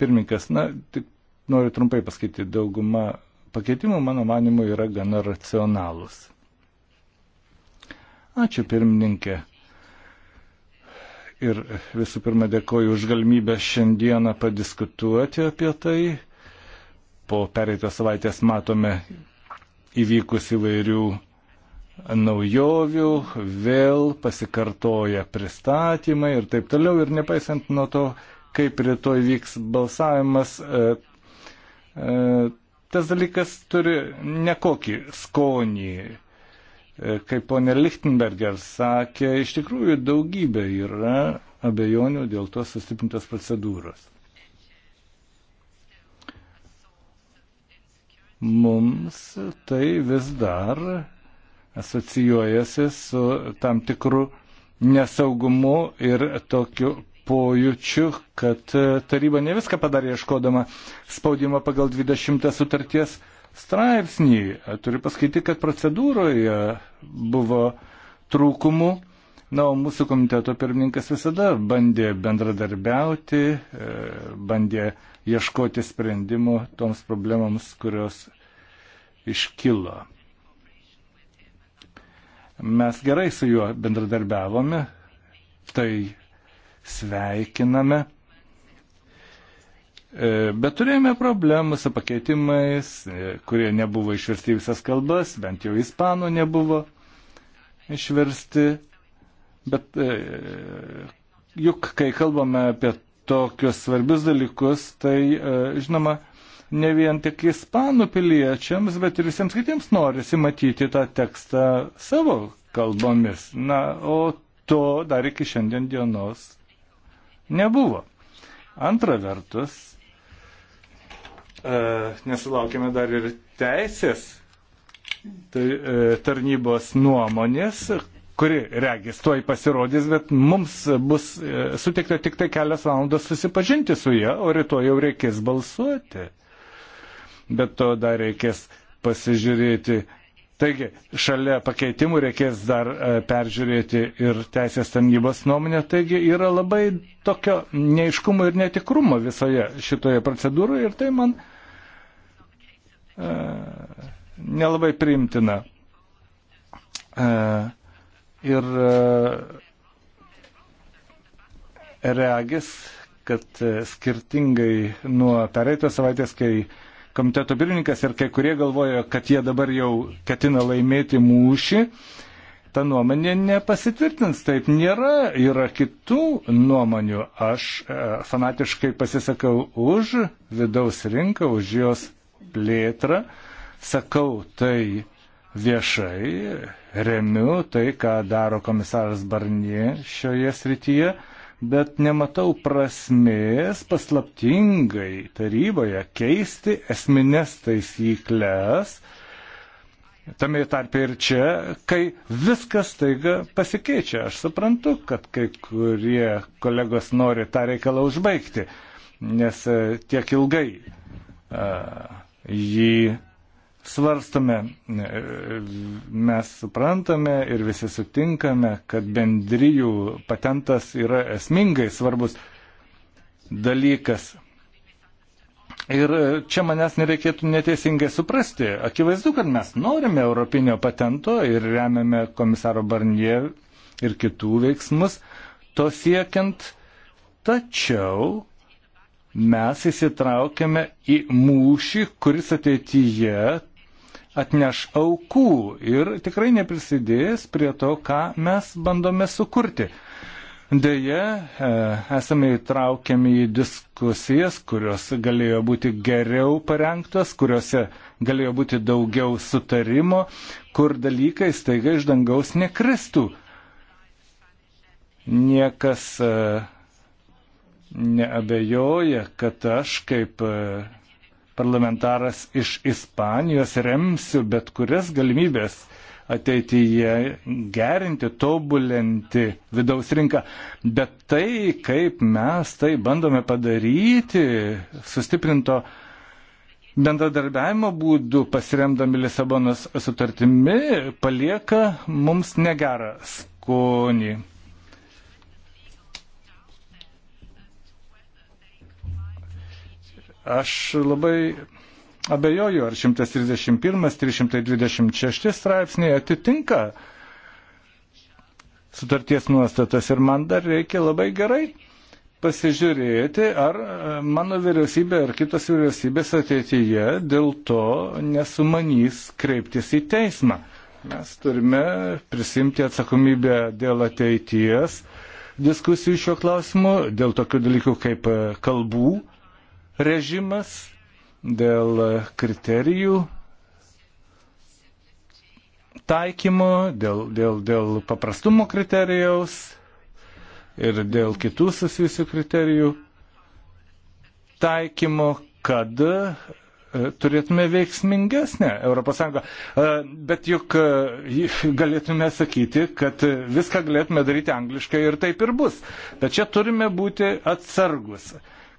Pirmininkas, na, tik noriu trumpai pasakyti, dauguma pakeitimų, mano manimu, yra gana racionalūs. Ačiū pirmininkė. Ir visų pirma dėkoju už galimybę šiandieną padiskutuoti apie tai po pereitos savaitės matome įvykus įvairių naujovių, vėl pasikartoja pristatymai ir taip toliau. Ir nepaisant nuo to, kaip rytoj vyks balsavimas, e, e, tas dalykas turi nekokį skonį. E, kaip ponė Lichtenberger sakė, iš tikrųjų daugybė yra abejonių dėl tos sustiprintos procedūros. mums tai vis dar asocijuojasi su tam tikru nesaugumu ir tokiu pojūčiu, kad taryba ne viską padarė ieškodama spaudimo pagal 20 sutarties straipsnį. Turiu pasakyti, kad procedūroje buvo trūkumų. Na, o mūsų komiteto pirmininkas visada bandė bendradarbiauti, e, bandė ieškoti sprendimų toms problemams, kurios iškilo. Mes gerai su juo bendradarbiavome, tai sveikiname. E, bet turėjome problemų su pakeitimais, e, kurie nebuvo išversti visas kalbas, bent jau ispanų nebuvo išversti. Bet e, juk, kai kalbame apie tokius svarbius dalykus, tai žinoma, ne vien tik ispanų piliečiams, bet ir visiems kitiems norisi matyti tą tekstą savo kalbomis. Na, o to dar iki šiandien dienos nebuvo. Antra vertus, e, nesulaukime dar ir teisės tai, e, tarnybos nuomonės, kuri regis tuoj pasirodys, bet mums bus e, suteikta tik tai kelias valandas susipažinti su ja, o rytoj jau reikės balsuoti bet to dar reikės pasižiūrėti. Taigi, šalia pakeitimų reikės dar e, peržiūrėti ir teisės tarnybos nuomonę. Taigi, yra labai tokio neiškumo ir netikrumo visoje šitoje procedūroje ir tai man uh, nelabai priimtina. Uh, ir uh, regis, kad skirtingai nuo pereitos savaitės, kai uh, komiteto pirmininkas ir kai kurie galvoja, kad jie dabar jau ketina laimėti mūšį. Ta nuomonė nepasitvirtins, taip nėra, yra kitų nuomonių. Aš e, fanatiškai pasisakau už vidaus rinką, už jos plėtrą, sakau tai viešai, remiu tai, ką daro komisaras Barnie šioje srityje bet nematau prasmės paslaptingai taryboje keisti esminės taisyklės, tame tarpe ir čia, kai viskas taiga pasikeičia. Aš suprantu, kad kai kurie kolegos nori tą reikalą užbaigti, nes e, tiek ilgai a, e, jį svarstome, mes suprantame ir visi sutinkame, kad bendrijų patentas yra esmingai svarbus dalykas. Ir čia manęs nereikėtų neteisingai suprasti. Akivaizdu, kad mes norime europinio patento ir remiame komisaro Barnie ir kitų veiksmus to siekiant. Tačiau mes įsitraukėme į mūšį, kuris ateityje atneš aukų ir tikrai neprisidės prie to, ką mes bandome sukurti. Deja, e, esame įtraukiami į diskusijas, kurios galėjo būti geriau parengtos, kuriuose galėjo būti daugiau sutarimo, kur dalykai staiga iš dangaus nekristų. Niekas e, neabejoja, kad aš kaip e, parlamentaras iš Ispanijos remsiu bet kurias galimybės ateityje gerinti, tobulinti vidaus rinką. Bet tai, kaip mes tai bandome padaryti, sustiprinto bendradarbiavimo būdų, pasiremdami Lisabonos sutartimi, palieka mums negerą skonį. Aš labai abejoju, ar 131-326 straipsniai atitinka sutarties nuostatas ir man dar reikia labai gerai pasižiūrėti, ar e, mano vyriausybė ar kitos vyriausybės ateityje dėl to nesumanys kreiptis į teismą. Mes turime prisimti atsakomybę dėl ateities diskusijų šiuo klausimu, dėl tokių dalykų kaip e, kalbų režimas, dėl kriterijų taikymo, dėl, dėl, dėl paprastumo kriterijaus ir dėl kitų susijusių kriterijų taikymo, kad e, turėtume veiksmingesnę ES. E, bet juk e, galėtume sakyti, kad viską galėtume daryti angliškai ir taip ir bus. Bet čia turime būti atsargus.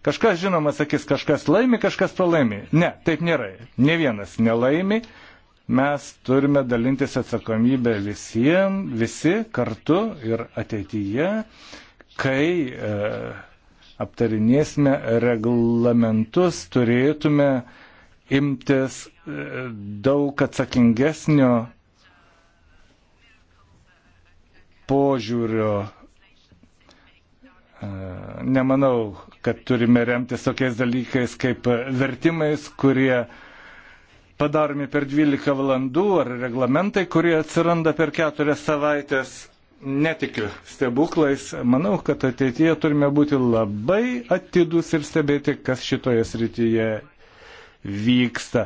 Kažkas, žinoma, sakys, kažkas laimi, kažkas pralaimi. Ne, taip nėra. Ne vienas nelaimi. Mes turime dalintis atsakomybę visiems, visi kartu ir ateityje, kai e, aptarinėsime reglamentus, turėtume imtis e, daug atsakingesnio požiūrio e, nemanau, kad turime remtis tokiais dalykais kaip vertimais, kurie padaromi per 12 valandų ar reglamentai, kurie atsiranda per 4 savaitės. Netikiu stebuklais. Manau, kad ateityje turime būti labai atidus ir stebėti, kas šitoje srityje vyksta.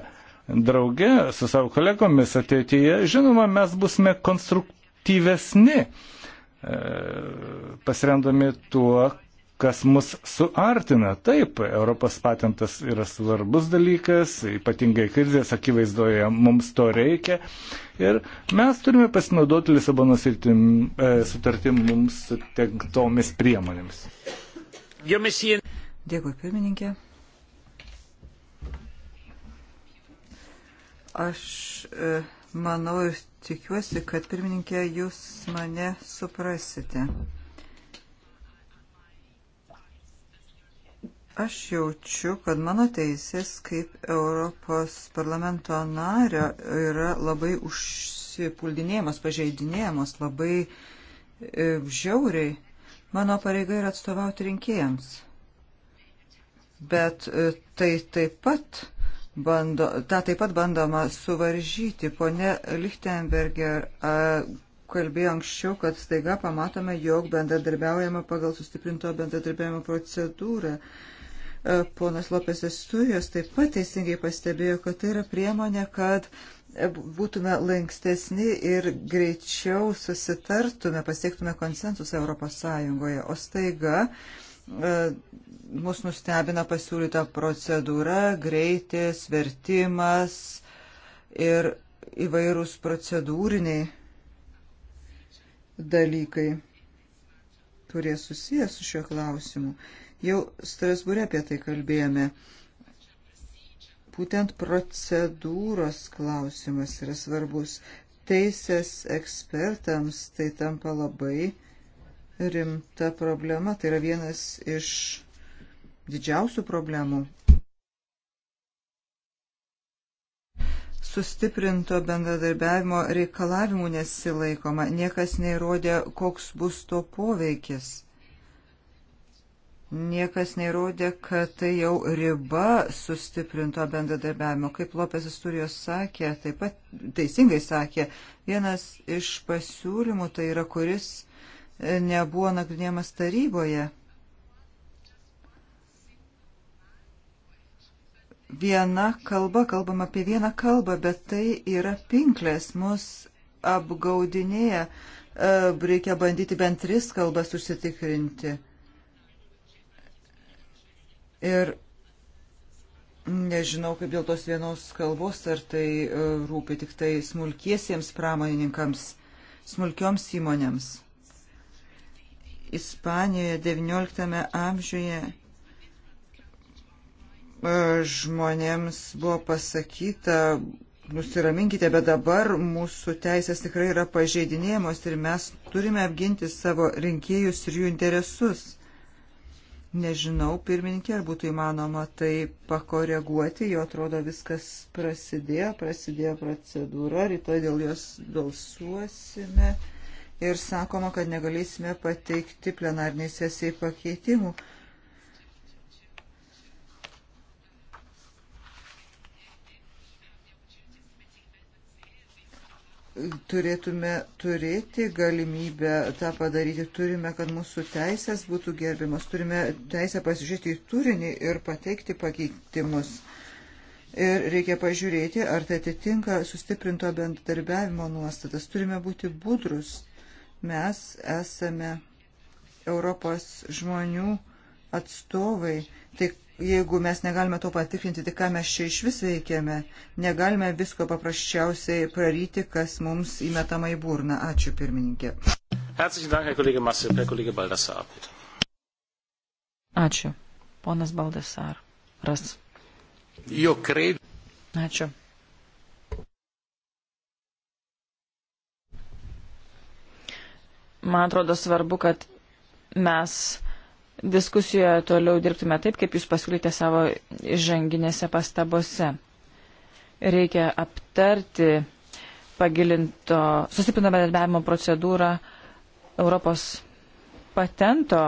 Drauge su savo kolegomis ateityje, žinoma, mes busime konstruktyvesni e, pasiremdami tuo, kas mus suartina. Taip, Europos patentas yra svarbus dalykas, ypatingai krizės akivaizdoje mums to reikia. Ir mes turime pasinaudoti Lisabonos e, sutartim mums sutenktomis priemonėmis. Dėkui, pirmininkė. Aš e, manau ir tikiuosi, kad pirmininkė jūs mane suprasite. Aš jaučiu, kad mano teisės kaip Europos parlamento nario yra labai užsipuldinėjamos, pažeidinėjamos, labai e, žiauriai. Mano pareiga yra atstovauti rinkėjams. Bet e, tai taip pat bando, tą taip pat bandoma suvaržyti. Pone Lichtenberger, a, kalbėjo anksčiau, kad staiga pamatome, jog bendradarbiaujama pagal sustiprinto bendradarbiavimo procedūrą. E, ponas Lopesas studijos taip pat teisingai pastebėjo, kad tai yra priemonė, kad e, būtume lankstesni ir greičiau susitartume, pasiektume konsensusą Europos Sąjungoje. O staiga e, mus nustebina pasiūlyta procedūra, greitis, vertimas ir įvairūs procedūriniai dalykai, kurie susijęs su šiuo klausimu. Jau Strasbūre apie tai kalbėjome. Būtent procedūros klausimas yra svarbus. Teisės ekspertams tai tampa labai rimta problema. Tai yra vienas iš didžiausių problemų. Sustiprinto bendradarbiavimo reikalavimų nesilaikoma, niekas neįrodė, koks bus to poveikis niekas neįrodė, kad tai jau riba sustiprinto bendradarbiavimo. Kaip Lopesas Turijos sakė, taip pat teisingai sakė, vienas iš pasiūlymų tai yra, kuris e, nebuvo nagrinėjamas taryboje. Viena kalba, kalbam apie vieną kalbą, bet tai yra pinklės, mus apgaudinėja, e, reikia bandyti bent tris kalbas užsitikrinti Ir nežinau, kaip dėl tos vienos kalbos, ar tai e, rūpi tik tai smulkiesiems pramonininkams, smulkioms įmonėms. Ispanijoje XIX amžiuje e, žmonėms buvo pasakyta, nusiraminkite, bet dabar mūsų teisės tikrai yra pažeidinėjamos ir mes turime apginti savo rinkėjus ir jų interesus. Nežinau, pirmininkė, ar būtų įmanoma tai pakoreguoti, jo atrodo viskas prasidėjo, prasidėjo procedūra, rytoj dėl jos balsuosime ir sakoma, kad negalėsime pateikti plenarniai sesijai pakeitimų. turėtume turėti galimybę tą padaryti, turime, kad mūsų teisės būtų gerbimas, turime teisę pasižiūrėti į turinį ir pateikti pakeitimus. Ir reikia pažiūrėti, ar tai atitinka sustiprinto bendradarbiavimo nuostatas. Turime būti budrus. Mes esame Europos žmonių atstovai. Tai jeigu mes negalime to patikrinti, tai ką mes čia iš vis veikiame, negalime visko paprasčiausiai praryti, kas mums įmetama į burną. Ačiū pirmininkė. Ačiū. Ponas Baldesar. Ras. Ačiū. Man atrodo svarbu, kad mes diskusijoje toliau dirbtume taip, kaip jūs pasiūlyte savo žanginėse pastabose. Reikia aptarti pagilinto, sustiprinto bendradarbiavimo procedūrą Europos patento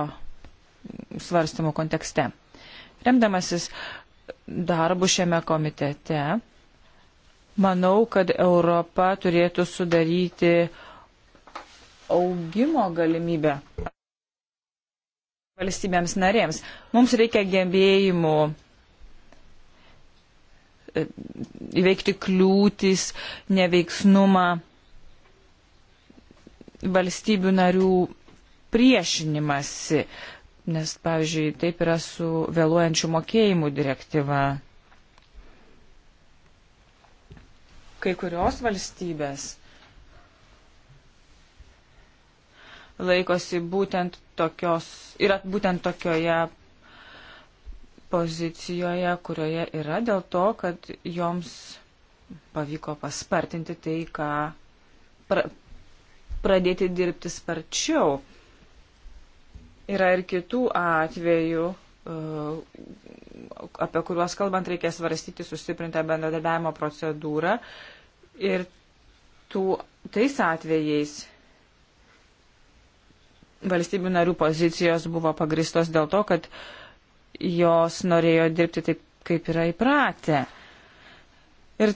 svarstymų kontekste. Remdamasis darbu šiame komitete, manau, kad Europa turėtų sudaryti augimo galimybę valstybėms narėms. Mums reikia gebėjimų e, įveikti kliūtis, neveiksnumą valstybių narių priešinimasi, nes, pavyzdžiui, taip yra su vėluojančių mokėjimų direktyva. Kai kurios valstybės laikosi būtent tokios, yra būtent tokioje pozicijoje, kurioje yra dėl to, kad joms pavyko paspartinti tai, ką pra, pradėti dirbti sparčiau. Yra ir kitų atvejų, uh, apie kuriuos kalbant reikės svarstyti sustiprintą bendradarbiavimo procedūrą. Ir tų, tais atvejais valstybių narių pozicijos buvo pagristos dėl to, kad jos norėjo dirbti taip, kaip yra įpratę. Ir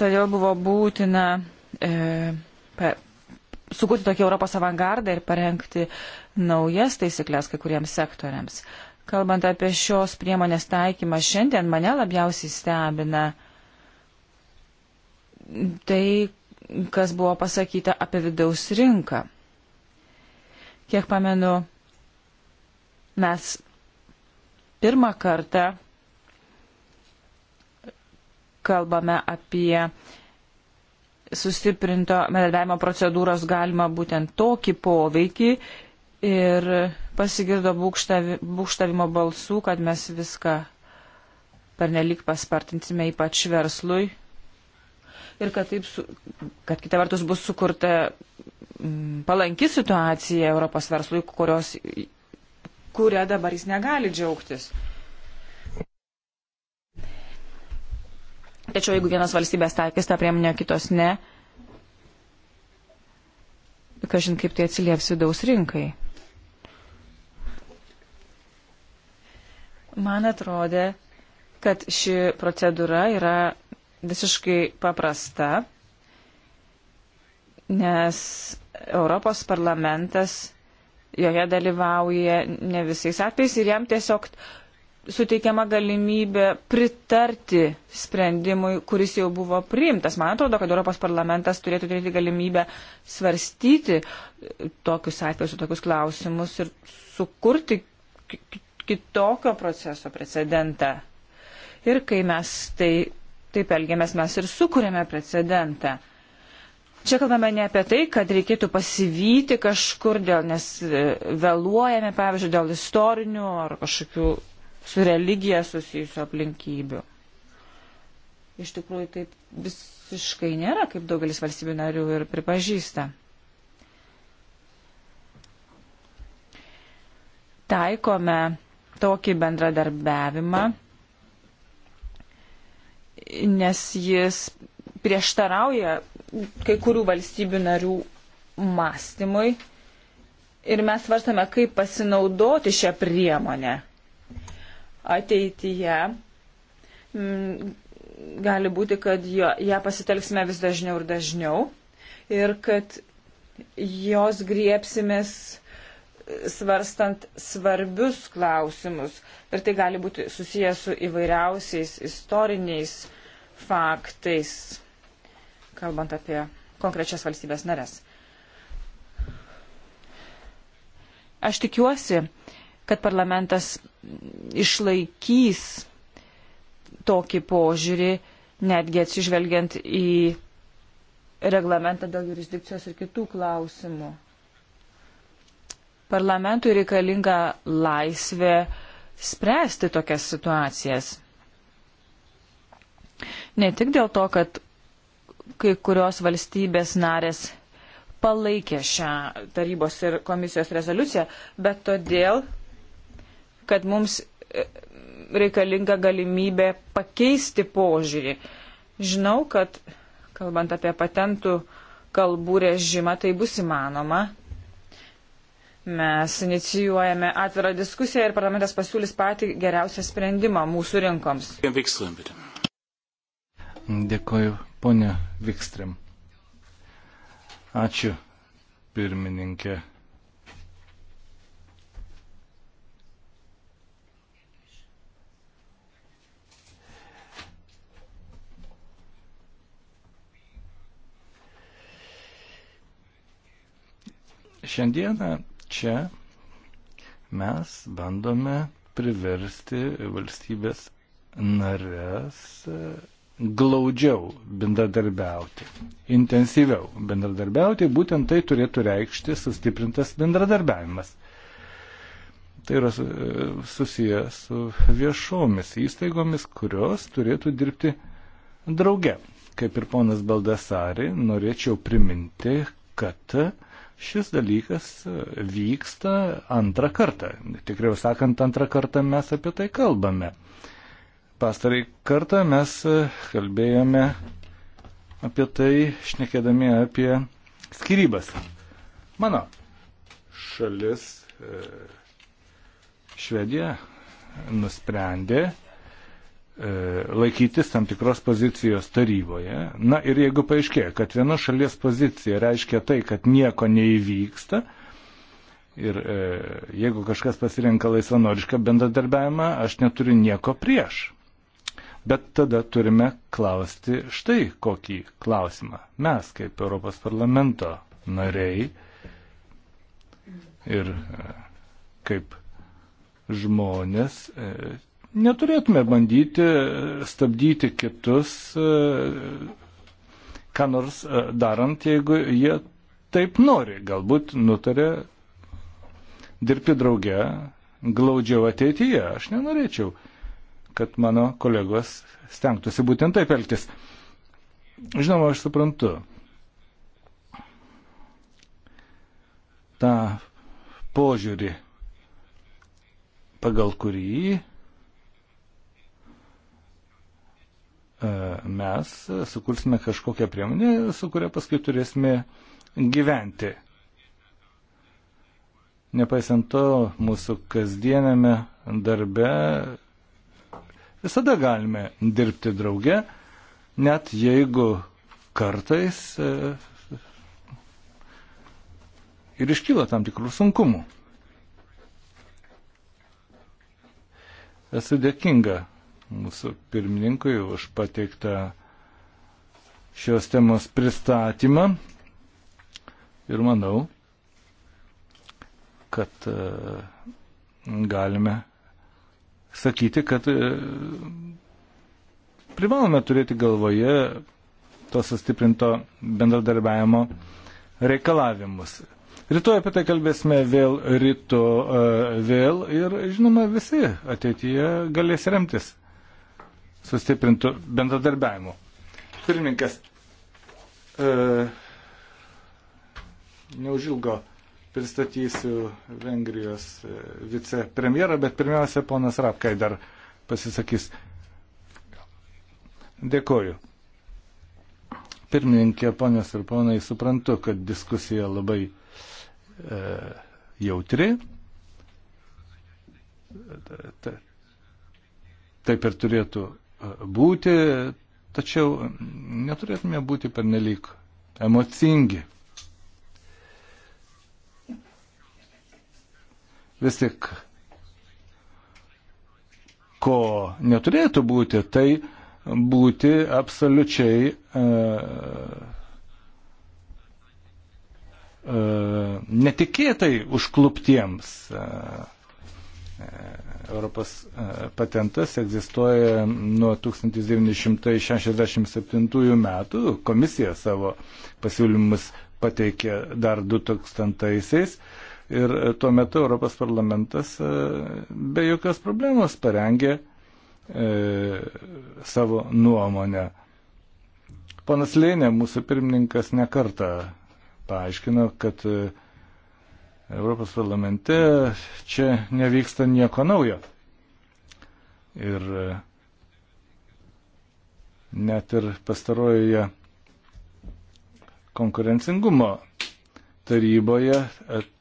todėl buvo būtina e, pa, sukurti tokį Europos avangardą ir parengti naujas taisyklės kai kuriems sektoriams. Kalbant apie šios priemonės taikymą šiandien, mane labiausiai stebina tai, kas buvo pasakyta apie vidaus rinką. Kiek pamenu, mes pirmą kartą kalbame apie sustiprinto bendradarbiavimo procedūros galima būtent tokį poveikį ir pasigirdo būkštavi, būkštavimo balsų, kad mes viską pernelik paspartinsime ypač verslui ir kad, taip, kad kita vertus bus sukurta Mm, palanki situacija Europos verslui, kurios, kuria dabar jis negali džiaugtis. Tačiau jeigu vienos valstybės taikys tą priemonę, kitos ne, kažin kaip tai atsilieps vidaus rinkai. Man atrodė, kad ši procedūra yra visiškai paprasta nes Europos parlamentas joje dalyvauja ne visais atvejais ir jam tiesiog suteikiama galimybė pritarti sprendimui, kuris jau buvo priimtas. Man atrodo, kad Europos parlamentas turėtų turėti galimybę svarstyti tokius atvejus, tokius klausimus ir sukurti kitokio proceso precedentą. Ir kai mes tai, taip elgiamės, mes ir sukūrėme precedentą. Čia kalbame ne apie tai, kad reikėtų pasivyti kažkur, dėl, nes e, vėluojame, pavyzdžiui, dėl istorinių ar kažkokių su religija susijusių aplinkybių. Iš tikrųjų, taip visiškai nėra, kaip daugelis valstybių narių ir pripažįsta. Taikome tokį bendradarbiavimą, nes jis prieštarauja kai kurių valstybių narių mąstymui. Ir mes svarstame, kaip pasinaudoti šią priemonę. Ateityje m, mm, gali būti, kad jo, ją pasitelksime vis dažniau ir dažniau. Ir kad jos griepsimės e, svarstant svarbius klausimus. Ir tai gali būti susijęs su įvairiausiais istoriniais faktais kalbant apie konkrečias valstybės narės. Aš tikiuosi, kad parlamentas išlaikys tokį požiūrį, netgi atsižvelgiant į reglamentą dėl jurisdikcijos ir kitų klausimų. Parlamentui reikalinga laisvė spręsti tokias situacijas. Ne tik dėl to, kad kai kurios valstybės narės palaikė šią tarybos ir komisijos rezoliuciją, bet todėl, kad mums e, reikalinga galimybė pakeisti požiūrį. Žinau, kad kalbant apie patentų kalbų režimą, tai bus įmanoma. Mes inicijuojame atvirą diskusiją ir parlamentas pasiūlys patį geriausią sprendimą mūsų rinkoms. Dėkuoju, Pone Vikstrem. Ačiū, pirmininkė. Šiandieną čia mes bandome priversti valstybės narės glaudžiau bendradarbiauti, intensyviau bendradarbiauti, būtent tai turėtų reikšti sustiprintas bendradarbiavimas. Tai yra susiję su viešomis įstaigomis, kurios turėtų dirbti drauge. Kaip ir ponas Baldasari, norėčiau priminti, kad šis dalykas vyksta antrą kartą. Tikriau sakant, antrą kartą mes apie tai kalbame. Pastarai kartą mes e, kalbėjome apie tai, šnekėdami apie skirybas. Mano šalis e, Švedija nusprendė e, laikytis tam tikros pozicijos taryboje. Na ir jeigu paaiškėja, kad vienos šalies pozicija reiškia tai, kad nieko neįvyksta, ir jeigu kažkas pasirenka laisvanorišką bendradarbiavimą, aš neturiu nieko prieš. Bet tada turime klausti štai kokį klausimą. Mes kaip Europos parlamento nariai ir e, kaip žmonės e, neturėtume bandyti stabdyti kitus, e, ką nors darant, jeigu jie taip nori. Galbūt nutarė dirbti drauge glaudžiau ateityje. Aš nenorėčiau kad mano kolegos stengtųsi būtent taip elgtis. Žinoma, aš suprantu tą požiūrį, pagal kurį e, mes sukursime kažkokią priemonę, su kuria paskui turėsime gyventi. Nepaisant to, mūsų kasdienėme darbe Visada galime dirbti drauge, net jeigu kartais e, ir iškyla tam tikrų sunkumų. Esu dėkinga mūsų pirmininkui už pateiktą šios temos pristatymą ir manau, kad e, galime sakyti, kad e, privalome turėti galvoje to sustiprinto bendradarbiavimo reikalavimus. Rytoj apie tai kalbėsime vėl ryto, e, vėl ir žinoma visi ateityje galės remtis sustiprintų bendradarbiavimu. Pirmininkas e, neužilgo pristatysiu Vengrijos e, vicepremjerą, bet pirmiausia, ponas Rapkai dar pasisakys. Dėkoju. Pirmininkė, ponės ir ponai, suprantu, kad diskusija labai e, jautri. Taip ir turėtų e, būti, tačiau neturėtume būti pernelyg emocingi. vis tik ko neturėtų būti, tai būti absoliučiai e, e, netikėtai užkluptiems. E, e Europos e, patentas egzistuoja nuo 1967 metų. Komisija savo pasiūlymus pateikė dar 2000-aisiais. Ir e, tuo metu Europos parlamentas e, be jokios problemos parengė e, savo nuomonę. Panas Lėnė, mūsų pirmininkas, nekarta paaiškino, kad e, Europos parlamente čia nevyksta nieko naujo. Ir net ir pastarojoje konkurencingumo taryboje e,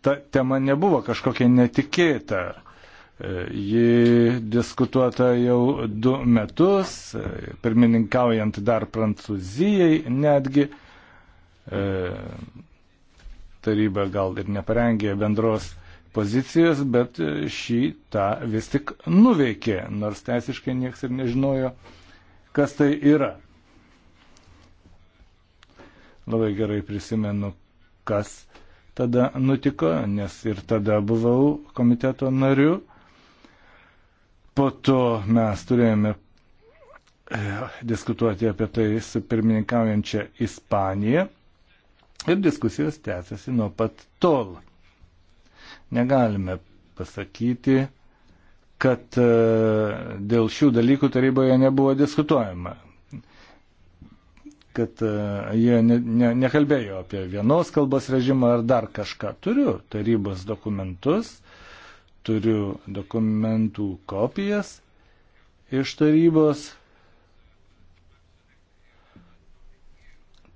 ta tema nebuvo kažkokia netikėta. E, ji diskutuota jau du metus, e, pirmininkaujant dar Prancūzijai netgi. Taryba gal ir neparengė bendros pozicijas, bet šį tą vis tik nuveikė, nors teisiškai nieks ir nežinojo, kas tai yra. Labai gerai prisimenu, kas tada nutiko, nes ir tada buvau komiteto nariu. Po to mes turėjome e, diskutuoti apie tai su pirmininkaujančia Ispanija ir diskusijos tęsiasi nuo pat tol. Negalime pasakyti, kad e, dėl šių dalykų taryboje nebuvo diskutuojama kad e, jie ne, ne, nekalbėjo apie vienos kalbos režimą ar dar kažką. Turiu tarybos dokumentus, turiu dokumentų kopijas iš tarybos.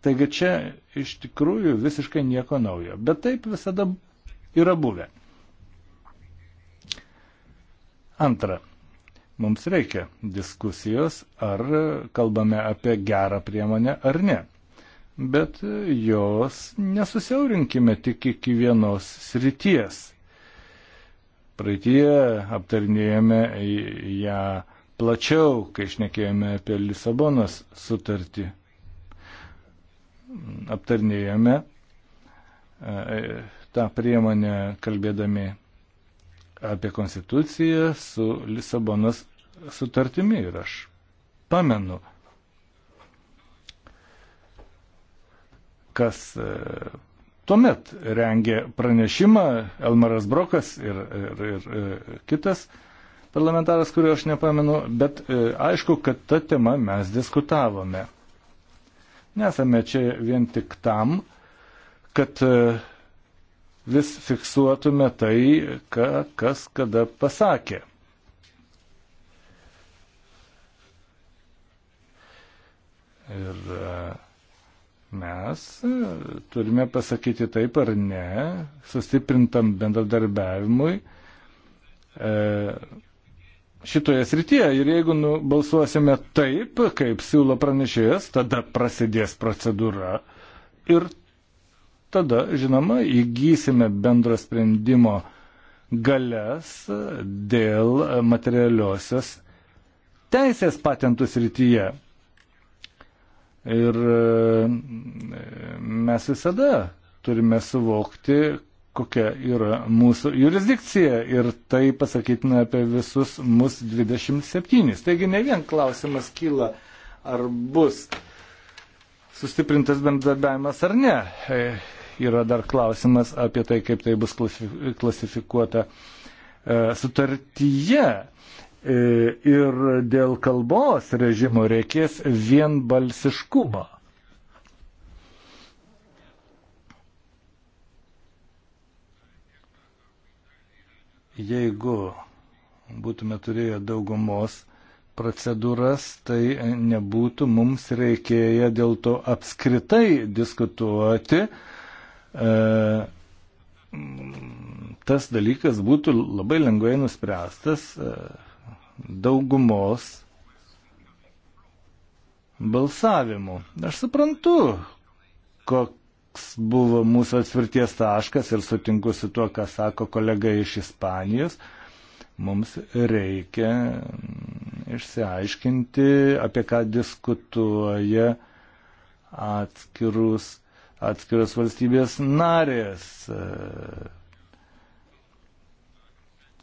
Taigi čia iš tikrųjų visiškai nieko naujo, bet taip visada yra buvę. Antra. Mums reikia diskusijos, ar kalbame apie gerą priemonę ar ne. Bet jos nesusiaurinkime tik iki vienos srities. Praeitie aptarnėjome ją plačiau, kai šnekėjome apie Lisabonos sutartį. Aptarnėjome e, tą priemonę kalbėdami apie konstituciją su Lisabonas sutartimi ir aš pamenu, kas e, tuomet rengė pranešimą Elmaras Brokas ir, ir, ir e, kitas parlamentaras, kurio aš nepamenu, bet e, aišku, kad tą temą mes diskutavome. Nesame čia vien tik tam, kad vis fiksuotume tai, ką kas kada pasakė. Ir e, mes e, turime pasakyti taip ar ne, sustiprintam bendradarbiavimui e, šitoje srityje. Ir jeigu nu, balsuosime taip, kaip siūlo pranešėjas, tada prasidės procedūra ir tada, žinoma, įgysime bendro sprendimo galės dėl materialiosios teisės patentų srityje. Ir e, mes visada turime suvokti, kokia yra mūsų jurisdikcija ir tai pasakytina apie visus mus 27. Taigi ne vien klausimas kyla, ar bus sustiprintas bendradarbiavimas ar ne. E, yra dar klausimas apie tai, kaip tai bus klasifikuota e, sutartyje. E, ir dėl kalbos režimo reikės vienbalsiškumo. Jeigu būtume turėję daugumos procedūras, tai nebūtų mums reikėję dėl to apskritai diskutuoti, uh, E, tas dalykas būtų labai lengvai nuspręstas e, daugumos balsavimu. Aš suprantu, koks buvo mūsų atvirties taškas ir sutinku su tuo, ką sako kolega iš Ispanijos. Mums reikia išsiaiškinti, apie ką diskutuoja atskirus atskiros valstybės narės.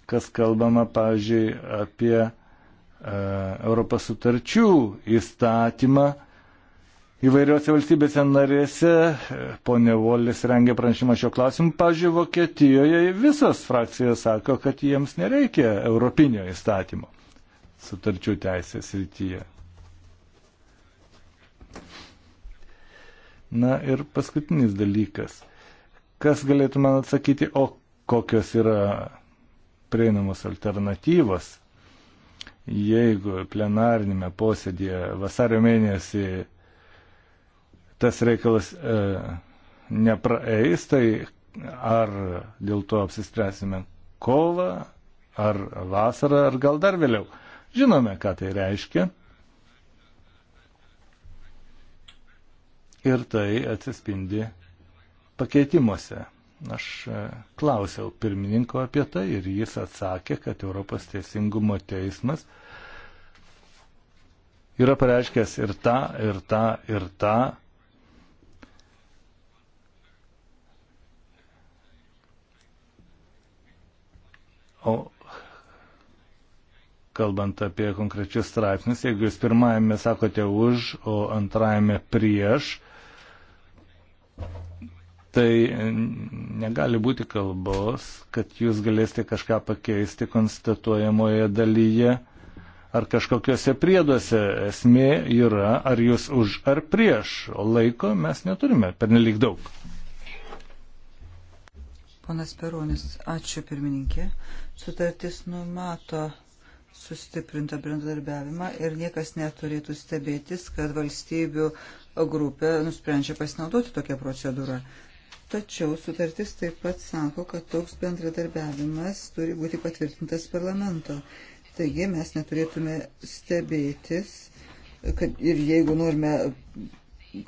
Kas kalbama, pavyzdžiui, apie e, Europos sutarčių įstatymą įvairiuose valstybėse narėse. Pone Volis rengė pranešimą šio klausimu. Pavyzdžiui, Vokietijoje visos frakcijos sako, kad jiems nereikia europinio įstatymo sutarčių teisės rytyje. Na ir paskutinis dalykas. Kas galėtų man atsakyti, o kokios yra prieinamos alternatyvos, jeigu plenarinėme posėdėje vasario mėnesį tas reikalas e, nepraeis, tai ar dėl to apsispręsime kovą, ar vasarą, ar gal dar vėliau. Žinome, ką tai reiškia. Ir tai atsispindi pakeitimuose. Aš e, klausiau pirmininko apie tai ir jis atsakė, kad Europos teisingumo teismas yra pareiškęs ir tą, ir tą, ir tą. O kalbant apie konkrečius straipsnius, jeigu jūs pirmajame sakote už, o antrajame prieš, tai negali būti kalbos, kad jūs galėsite kažką pakeisti konstatuojamoje dalyje ar kažkokiuose prieduose. Esmė yra, ar jūs už ar prieš, o laiko mes neturime per nelik daug. Ponas Peronis, ačiū pirmininkė. Sutartis numato sustiprintą bendradarbiavimą ir niekas neturėtų stebėtis, kad valstybių grupė nusprendžia pasinaudoti tokią procedūrą. Tačiau sutartis taip pat sako, kad toks bendradarbiavimas turi būti patvirtintas parlamento. Taigi mes neturėtume stebėtis, kad ir jeigu norime,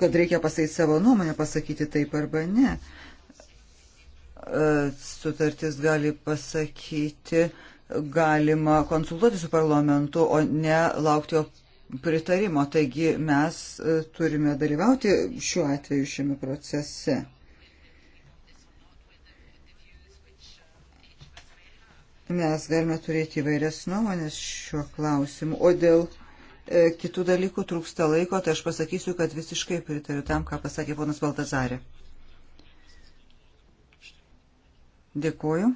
kad reikia pasakyti savo nuomonę, pasakyti taip arba ne. E, sutartis gali pasakyti, galima konsultuoti su parlamentu, o ne laukti jo pritarimo. Taigi mes e, turime dalyvauti šiuo atveju šiame procese. Mes galime turėti įvairias nuomonės šiuo klausimu. O dėl e, kitų dalykų trūksta laiko, tai aš pasakysiu, kad visiškai pritariu tam, ką pasakė ponas Baltazarė. Dėkuoju.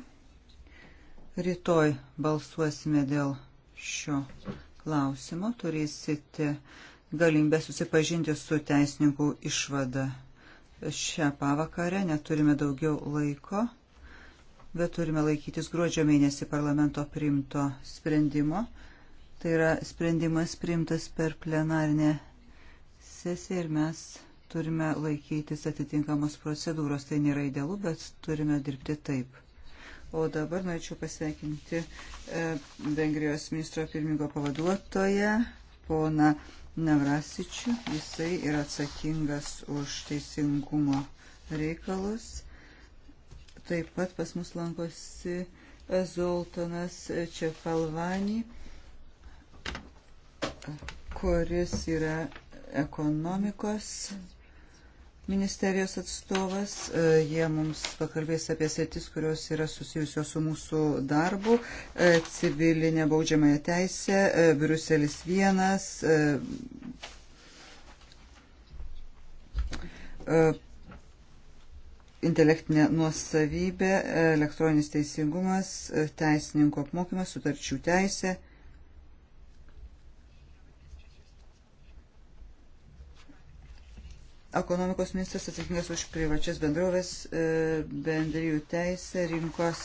Rytoj balsuosime dėl šio klausimo. Turėsite galimybę susipažinti su teisininkų išvada šią pavakarę, neturime daugiau laiko bet turime laikytis gruodžio mėnesį parlamento priimto sprendimo. Tai yra sprendimas priimtas per plenarinę sesiją ir mes turime laikytis atitinkamos procedūros. Tai nėra idealu, bet turime dirbti taip. O dabar norėčiau pasveikinti e, Vengrijos ministro pirmininko pavaduotoją, pona Navrasičių. Jisai yra atsakingas už teisingumo reikalus. Taip pat pas mus lankosi Zoltanas Čefalvani, kuris yra ekonomikos ministerijos atstovas. Jie mums pakalbės apie sėtis, kurios yra susijusios su mūsų darbu. Civilinė baudžiamąją teisę, Briuselis vienas intelektinė nuosavybė, elektroninis teisingumas, teisininko apmokymas, sutarčių teisė. Ekonomikos ministras atsakingas už privačias bendrovės, e, bendrijų teisę, rinkos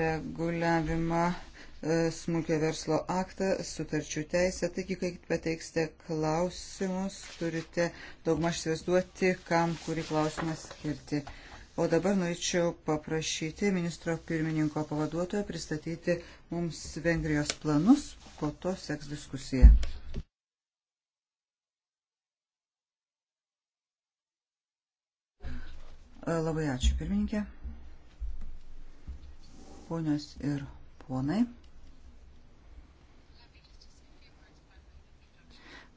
reguliavimą E, smulkio verslo aktą, sutarčių teisę. Taigi, kai pateiksite klausimus, turite daugmaž įsivaizduoti, kam kurį klausimą skirti. O dabar norėčiau paprašyti ministro pirmininko pavaduotojo pristatyti mums Vengrijos planus, po to seks diskusija. E, labai ačiū, pirmininkė. Ponios ir ponai.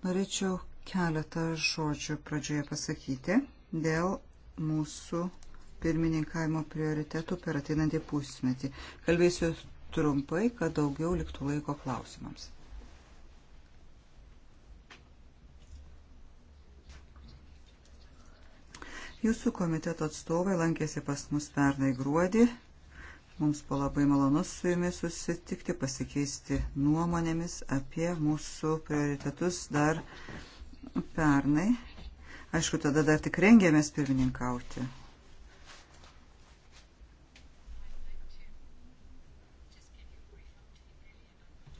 Norėčiau keletą žodžių pradžioje pasakyti dėl mūsų pirmininkavimo prioritetų per ateinantį pusmetį. Kalbėsiu trumpai, kad daugiau liktų laiko klausimams. Jūsų komiteto atstovai lankėsi pas mus pernai gruodį Mums buvo labai malonu su jumis susitikti, pasikeisti nuomonėmis apie mūsų prioritetus dar pernai. Aišku, tada dar tik rengėmės pirmininkauti.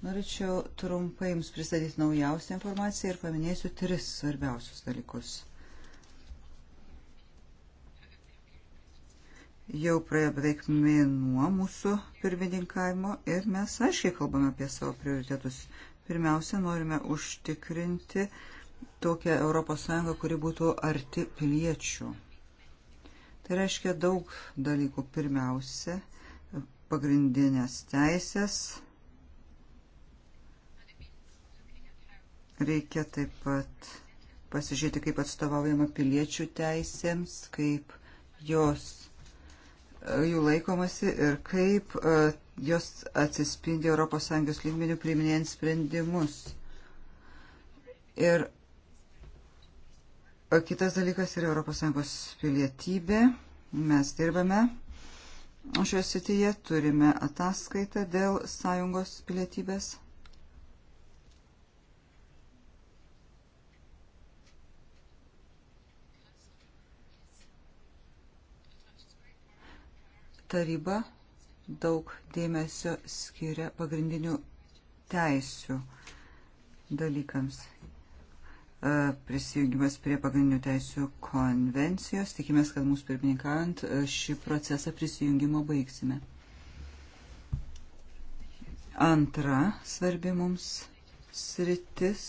Norėčiau trumpai Jums pristatyti naujausią informaciją ir paminėsiu tris svarbiausius dalykus. Jau praėjo beveik mėnuo mūsų pirmininkavimo ir mes aiškiai kalbame apie savo prioritetus. Pirmiausia, norime užtikrinti tokią ES, kuri būtų arti piliečių. Tai reiškia daug dalykų. Pirmiausia, pagrindinės teisės, reikia taip pat pasižiūrėti, kaip atstovaujama piliečių teisėms, kaip jos jų laikomasi ir kaip e, jos atsispindi ES lygmenių priiminėjant sprendimus. Ir e, kitas dalykas yra ES pilietybė. Mes dirbame šioje srityje, turime ataskaitą dėl sąjungos pilietybės. Taryba daug dėmesio skiria pagrindinių teisių dalykams. E, prisijungimas prie pagrindinių teisių konvencijos. Tikimės, kad mūsų pirmininkant e, šį procesą prisijungimo baigsime. Antra svarbi mums sritis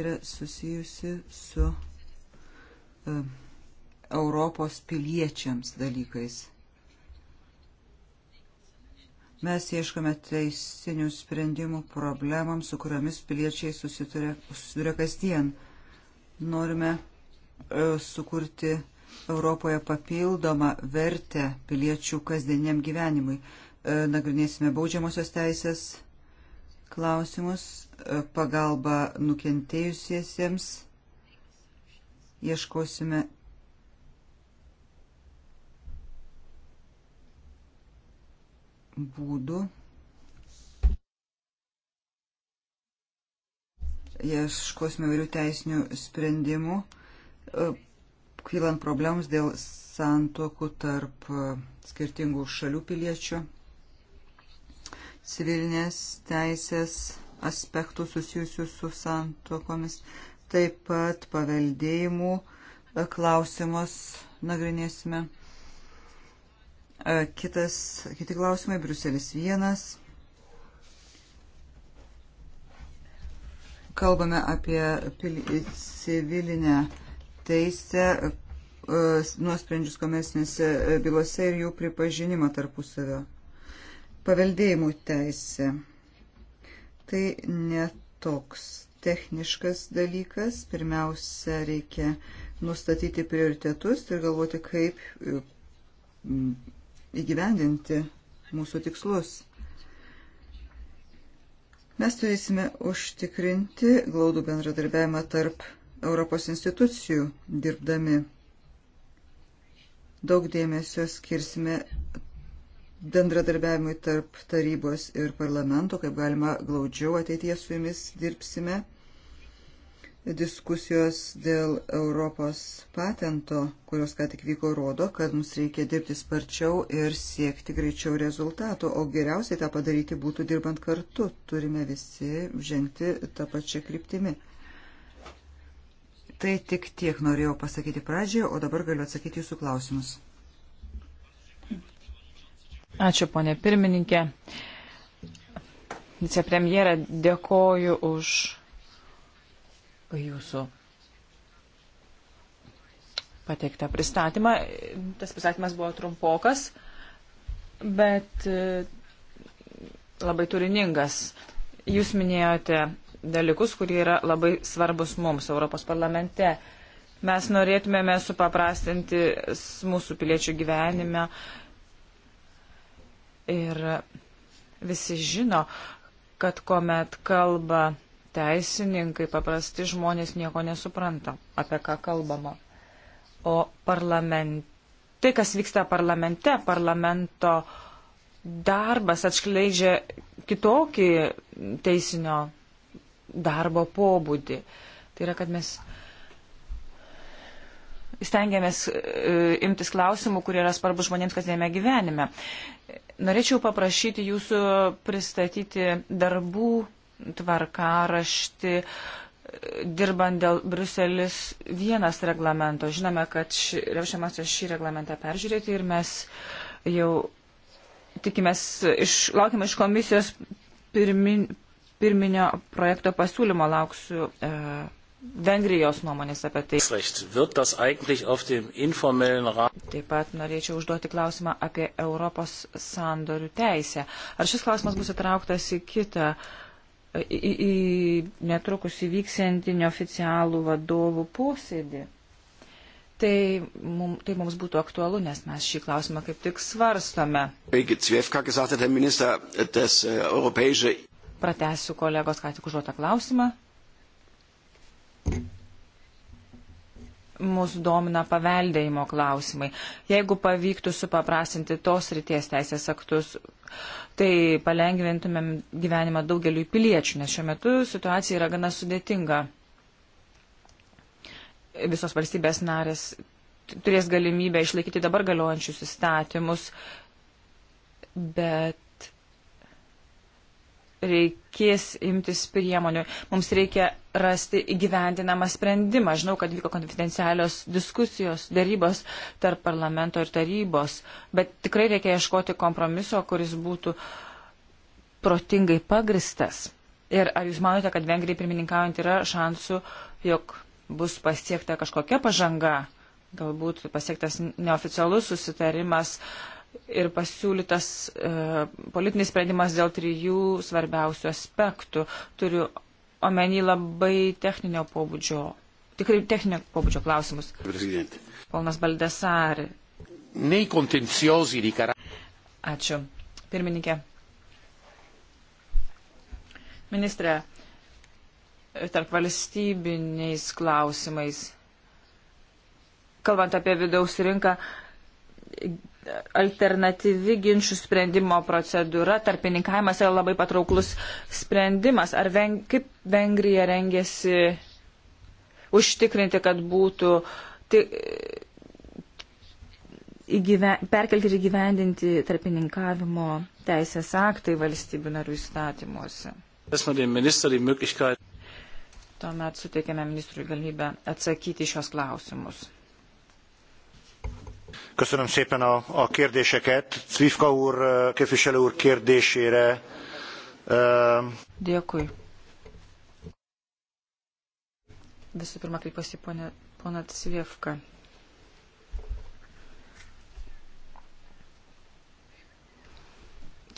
yra susijusi su uh, Europos piliečiams dalykais. Mes ieškome teisinių sprendimų problemams, su kuriomis piliečiai susituria, susituria kasdien. Norime e, sukurti Europoje papildomą vertę piliečių kasdieniam gyvenimui. E, nagrinėsime baudžiamosios teisės klausimus, e, pagalbą nukentėjusiesiems, ieškosime būdų ieškosime vairių teisinių sprendimų, e, kylant problemams dėl santokų tarp e, skirtingų šalių piliečių, civilinės teisės aspektų susijusių su santokomis, taip pat paveldėjimų e, klausimus nagrinėsime. E, kitas, kiti klausimai, Bruselis vienas. Kalbame apie civilinę teisę, e, nuosprendžius komersinėse e, bylose ir jų pripažinimą tarpusavio. Paveldėjimų teisė. Tai netoks techniškas dalykas. Pirmiausia, reikia nustatyti prioritetus ir galvoti, kaip įgyvendinti mūsų tikslus. Mes turėsime užtikrinti glaudų bendradarbiavimą tarp Europos institucijų dirbdami. Daug dėmesio skirsime bendradarbiavimui tarp tarybos ir parlamento, kaip galima glaudžiau ateityje su jumis dirbsime. Diskusijos dėl Europos patento, kurios ką tik vyko, rodo, kad mums reikia dirbti sparčiau ir siekti greičiau rezultato, o geriausiai tą padaryti būtų dirbant kartu. Turime visi žengti tą pačią kryptimį. Tai tik tiek norėjau pasakyti pradžioje, o dabar galiu atsakyti jūsų klausimus. Ačiū, ponė pirmininkė. Vicepremjera, dėkoju už jūsų pateiktą pristatymą. Tas pristatymas buvo trumpokas, bet e, labai turiningas. Jūs minėjote dalykus, kurie yra labai svarbus mums Europos parlamente. Mes norėtumėme supaprastinti mūsų piliečių gyvenime ir visi žino, kad kuomet kalba teisininkai, paprasti žmonės nieko nesupranta, apie ką kalbama. O parlament, tai, kas vyksta parlamente, parlamento darbas atskleidžia kitokį teisinio darbo pobūdį. Tai yra, kad mes stengiamės e, imtis klausimų, kurie yra svarbu žmonėms kasdienėme gyvenime. Norėčiau paprašyti jūsų pristatyti darbų tvarkaraštį, dirbant dėl Bruselis vienas reglamento. Žinome, kad ruošiamas šį reglamentą peržiūrėti ir mes jau tikimės, iš, laukime iš komisijos pirmin, pirminio projekto pasiūlymo, lauksiu. E, Vengrijos nuomonės apie tai. Taip pat norėčiau užduoti klausimą apie Europos sandorių teisę. Ar šis klausimas bus įtrauktas į kitą uh, į, į netrukus įvyksiantį neoficialų vadovų posėdį. Tai, mum, tai mums būtų aktualu, nes mes šį klausimą kaip tik svarstome. E, Pratesiu kolegos ką tik užduotą klausimą mūsų domina paveldėjimo klausimai. Jeigu pavyktų supaprastinti tos ryties teisės aktus, tai palengvintumėm gyvenimą daugeliu piliečių, nes šiuo metu situacija yra gana sudėtinga. Visos valstybės narės turės galimybę išlaikyti dabar galiojančius įstatymus, bet reikės imtis priemonių. Mums reikia rasti įgyvendinamą sprendimą. Žinau, kad vyko konfidencialios diskusijos, darybos tarp parlamento ir tarybos, bet tikrai reikia ieškoti kompromiso, kuris būtų protingai pagristas. Ir ar jūs manote, kad Vengrijai pirmininkaujant yra šansų, jog bus pasiekta kažkokia pažanga, galbūt pasiektas neoficialus susitarimas? Uh, ir pasiūlytas e, politinis sprendimas dėl trijų svarbiausių aspektų. Turiu omeny labai techninio pobūdžio, tikrai techninio pobūdžio klausimus. Prezidentė. Ponas Baldesari. Nei kontenciozi di kara. Ačiū. Pirmininkė. Ministrė, tarp valstybiniais klausimais, kalbant apie vidaus rinką, alternatyvi ginčių sprendimo procedūra, tarpininkavimas yra labai patrauklus sprendimas. Ar veng, kaip Vengrija rengėsi užtikrinti, kad būtų tai, įgyven, perkelti ir įgyvendinti tarpininkavimo teisės aktai valstybių narių įstatymuose? Tuomet suteikėme ministrui galimybę atsakyti šios klausimus. Köszönöm szépen a, a kérdéseket. Cvifka úr, képviselő úr kérdésére. Dėkui. Visų pirma, kaip pasiponė ponat Cvifka.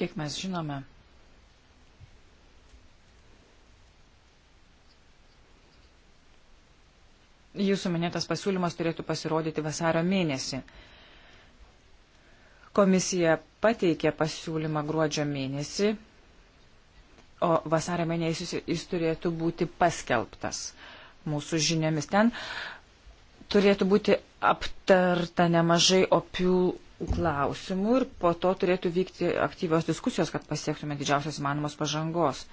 Kiek mes žinome, jūsų minėtas pasiūlymas turėtų pasirodyti vasario mėnesį. Komisija pateikė pasiūlymą gruodžio mėnesį, o vasario mėnesį jis turėtų būti paskelbtas mūsų žiniomis. Ten turėtų būti aptarta nemažai opių klausimų ir po to turėtų vykti aktyvios diskusijos, kad pasiektume didžiausios įmanomos pažangos.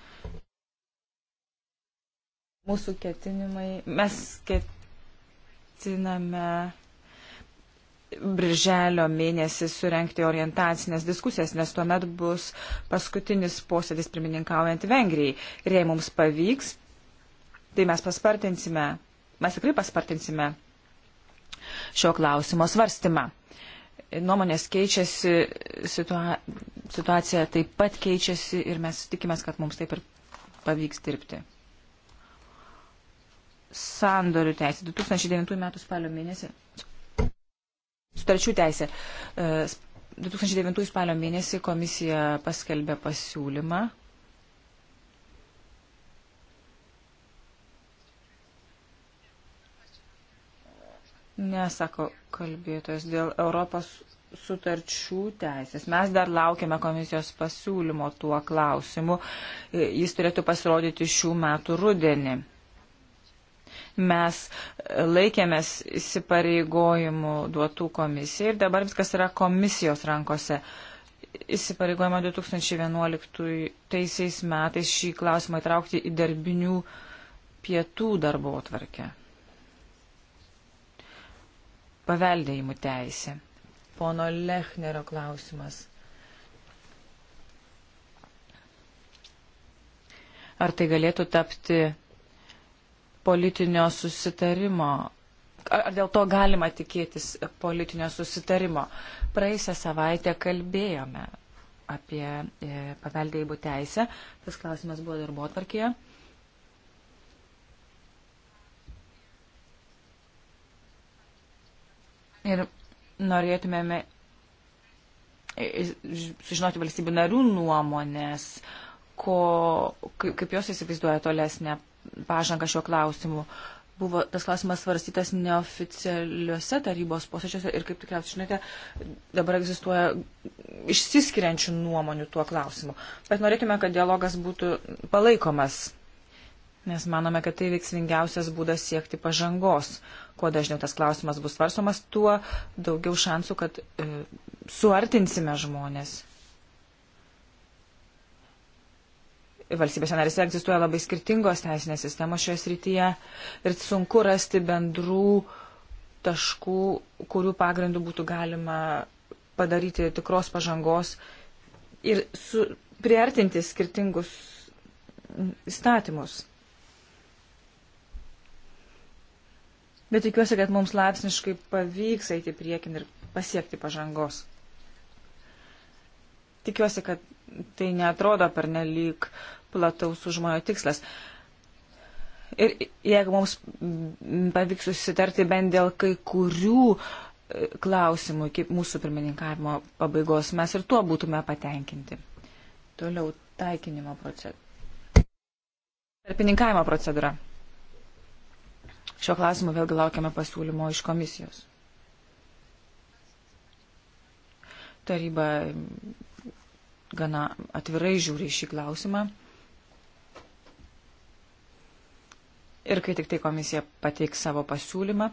Mūsų ketinimai, mes ket, ketiname Birželio mėnesį surenkti orientacinės diskusijas, nes tuomet bus paskutinis posėdis pirmininkaujant Vengrijai. Ir jei mums pavyks, tai mes paspartinsime, mes tikrai paspartinsime šio klausimo svarstymą. Nuomonės keičiasi, situa situacija taip pat keičiasi ir mes tikimės, kad mums taip ir pavyks dirbti sandorių teisė. 2009 m. spalio mėnesį. Sutarčių teisė. 2009 e, spalio mėnesį komisija paskelbė pasiūlymą. Nesako kalbėtojas dėl Europos sutarčių teisės. Mes dar laukiame komisijos pasiūlymo tuo klausimu. Jis turėtų pasirodyti šių metų rudenį mes laikėmės įsipareigojimų duotų komisijai ir dabar viskas yra komisijos rankose. Įsipareigojama 2011 metais šį klausimą įtraukti į darbinių pietų darbo atvarkę. Paveldėjimų teisė. Pono Lechnero klausimas. Ar tai galėtų tapti politinio susitarimo. Ar dėl to galima tikėtis politinio susitarimo? Praėjusią savaitę kalbėjome apie e, paveldėjimų teisę. Tas klausimas buvo darbo atvarkėje. Ir norėtumėme e, e, sužinoti valstybių narių nuomonės, ko, kaip jos įsivaizduoja tolesnę pažangą šiuo klausimu. Buvo tas klausimas svarstytas neoficialiuose tarybos posėdžiuose ir, kaip tikriausiai žinote, dabar egzistuoja išsiskiriančių nuomonių tuo klausimu. Bet norėtume, kad dialogas būtų palaikomas, nes manome, kad tai veiksmingiausias būdas siekti pažangos. Kuo dažniau tas klausimas bus svarstomas, tuo daugiau šansų, kad e, suartinsime žmonės valstybėse narėse egzistuoja labai skirtingos teisinės sistemos šioje srityje ir sunku rasti bendrų taškų, kurių pagrindų būtų galima padaryti tikros pažangos ir su, priartinti skirtingus įstatymus. Bet tikiuosi, kad mums laipsniškai pavyks eiti priekin ir pasiekti pažangos. Tikiuosi, kad tai netrodo pernelyg plataus užmojo tikslas. Ir jeigu mums pavyks susitarti bent dėl kai kurių e, klausimų iki mūsų pirmininkavimo pabaigos, mes ir tuo būtume patenkinti. Toliau taikinimo procedūra. Tarpininkavimo procedūra. Šio klausimu vėlgi laukiame pasiūlymo iš komisijos. Taryba gana atvirai žiūri šį klausimą. Ir kai tik tai komisija pateiks savo pasiūlymą, e,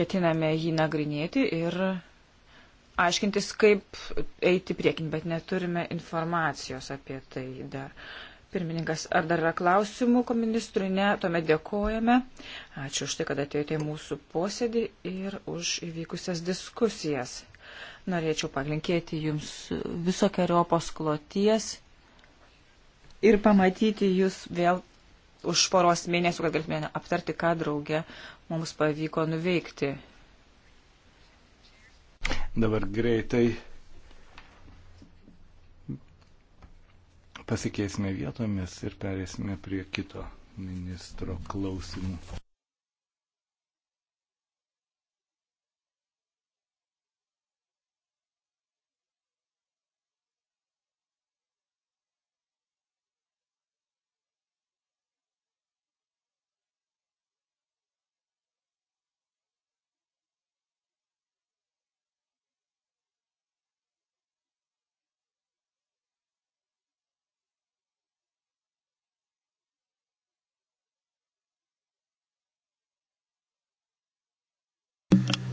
ketiname jį nagrinėti ir aiškintis, kaip eiti priekin, bet neturime informacijos apie tai dar. Pirmininkas, ar dar yra klausimų koministrui? Ne, tuomet dėkojame. Ačiū už tai, kad atėjote į mūsų posėdį ir už įvykusias diskusijas. Norėčiau palinkėti Jums visokiojo paskloties ir pamatyti jūs vėl už poros mėnesių, kad galėtume aptarti, ką draugė mums pavyko nuveikti. Dabar greitai pasikeisime vietomis ir perėsime prie kito ministro klausimų.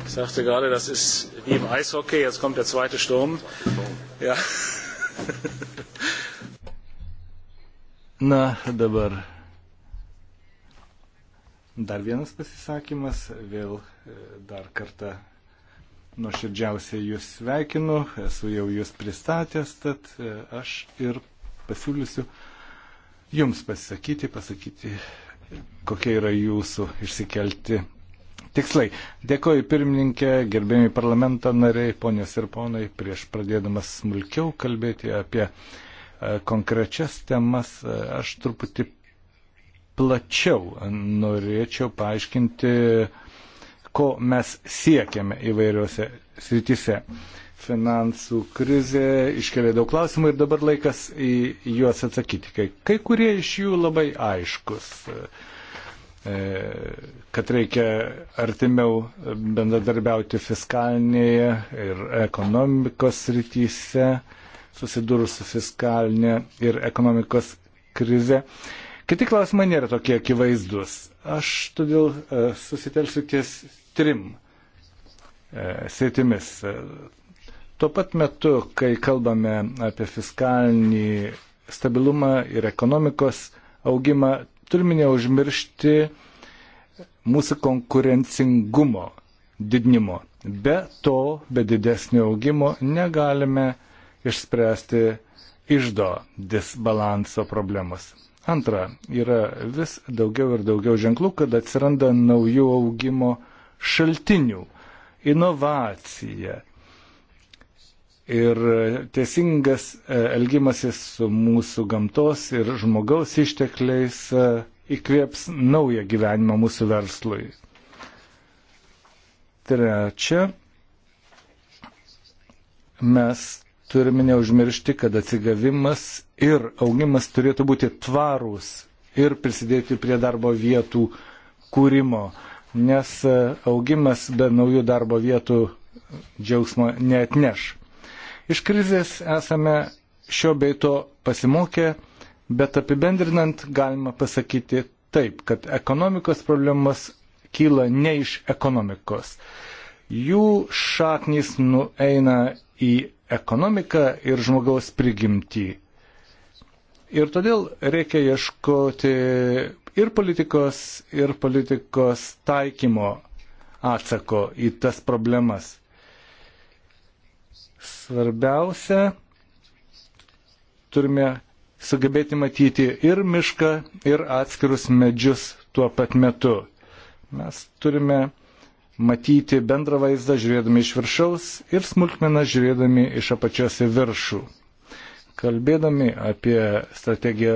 Ich sagte gerade, das ist wie im Eishockey, jetzt kommt der zweite Sturm. Ja. <laughs> Na, dabar dar vienas pasisakymas, vėl e, dar kartą nuoširdžiausiai jūs sveikinu, esu jau jūs pristatęs, tad e, aš ir pasiūlysiu jums pasisakyti, pasakyti, kokie yra jūsų išsikelti tikslai. Dėkoju pirmininkė, gerbėjai parlamento nariai, ponios ir ponai, prieš pradėdamas smulkiau kalbėti apie e, konkrečias temas, e, aš truputį plačiau norėčiau paaiškinti, ko mes siekiame įvairiuose srityse. Finansų krizė iškelia daug klausimų ir dabar laikas į juos atsakyti. Kai, kai kurie iš jų labai aiškus. Uh, E, kad reikia artimiau bendradarbiauti fiskalinėje ir ekonomikos rytyse, susidūrus su fiskalinė ir ekonomikos krize. Kiti klausimai nėra tokie akivaizdus. Aš todėl e, susitelsiu ties trim e, sėtimis. Tuo pat metu, kai kalbame apie fiskalinį stabilumą ir ekonomikos augimą, turime neužmiršti mūsų konkurencingumo didinimo. Be to, be didesnio augimo negalime išspręsti išdo disbalanso problemos. Antra, yra vis daugiau ir daugiau ženklų, kad atsiranda naujų augimo šaltinių. Inovacija, ir teisingas e, elgimasis su mūsų gamtos ir žmogaus ištekliais e, įkvėps naują gyvenimą mūsų verslui. Trečia, mes turime neužmiršti, kad atsigavimas ir augimas turėtų būti tvarūs ir prisidėti prie darbo vietų kūrimo, nes e, augimas be naujų darbo vietų džiaugsmo neatneš. Iš krizės esame šio bei to pasimokę, bet apibendrinant galima pasakyti taip, kad ekonomikos problemas kyla ne iš ekonomikos. Jų šaknys nueina į ekonomiką ir žmogaus prigimtį. Ir todėl reikia ieškoti ir politikos, ir politikos taikymo atsako į tas problemas. Svarbiausia, turime sugebėti matyti ir mišką, ir atskirus medžius tuo pat metu. Mes turime matyti bendrą vaizdą žiūrėdami iš viršaus ir smulkmeną žiūrėdami iš apačios į viršų. Kalbėdami apie strategiją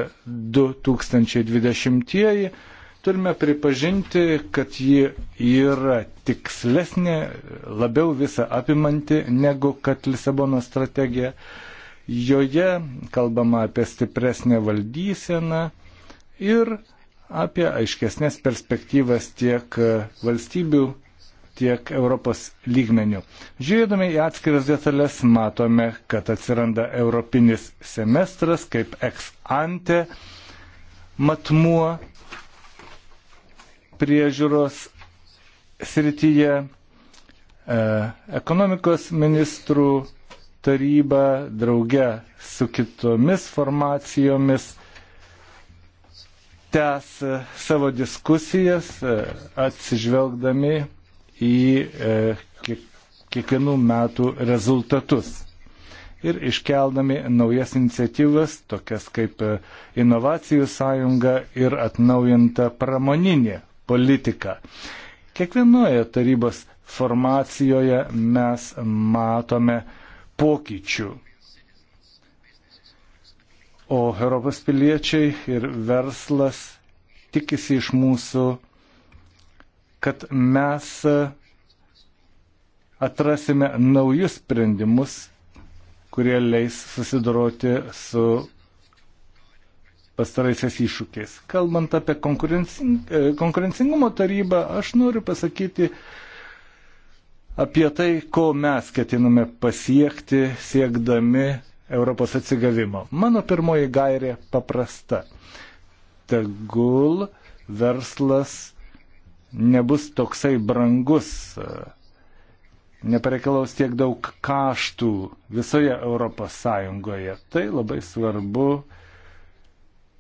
2020, Turime pripažinti, kad ji yra tikslesnė, labiau visą apimanti negu kad Lisabono strategija. Joje kalbama apie stipresnę valdyseną ir apie aiškesnės perspektyvas tiek valstybių, tiek Europos lygmenių. Žiūrėdami į atskiras detalės, matome, kad atsiranda europinis semestras kaip ex ante matmuo, priežiūros srityje. E, ekonomikos ministrų taryba drauge su kitomis formacijomis tęs savo diskusijas e, atsižvelgdami į e, kiekvienų metų rezultatus ir iškeldami naujas iniciatyvas, tokias kaip inovacijų sąjunga ir atnaujinta pramoninė politiką. Kiekvienoje tarybos formacijoje mes matome pokyčių. O Europos piliečiai ir verslas tikisi iš mūsų, kad mes atrasime naujus sprendimus, kurie leis susidoroti su pastaraisiais iššūkiais. Kalbant apie konkurencing, e, konkurencingumo tarybą, aš noriu pasakyti apie tai, ko mes ketiname pasiekti siekdami Europos atsigavimo. Mano pirmoji gairė paprasta. Tegul verslas nebus toksai brangus, e, nepareikalaus tiek daug kaštų visoje Europos Sąjungoje. Tai labai svarbu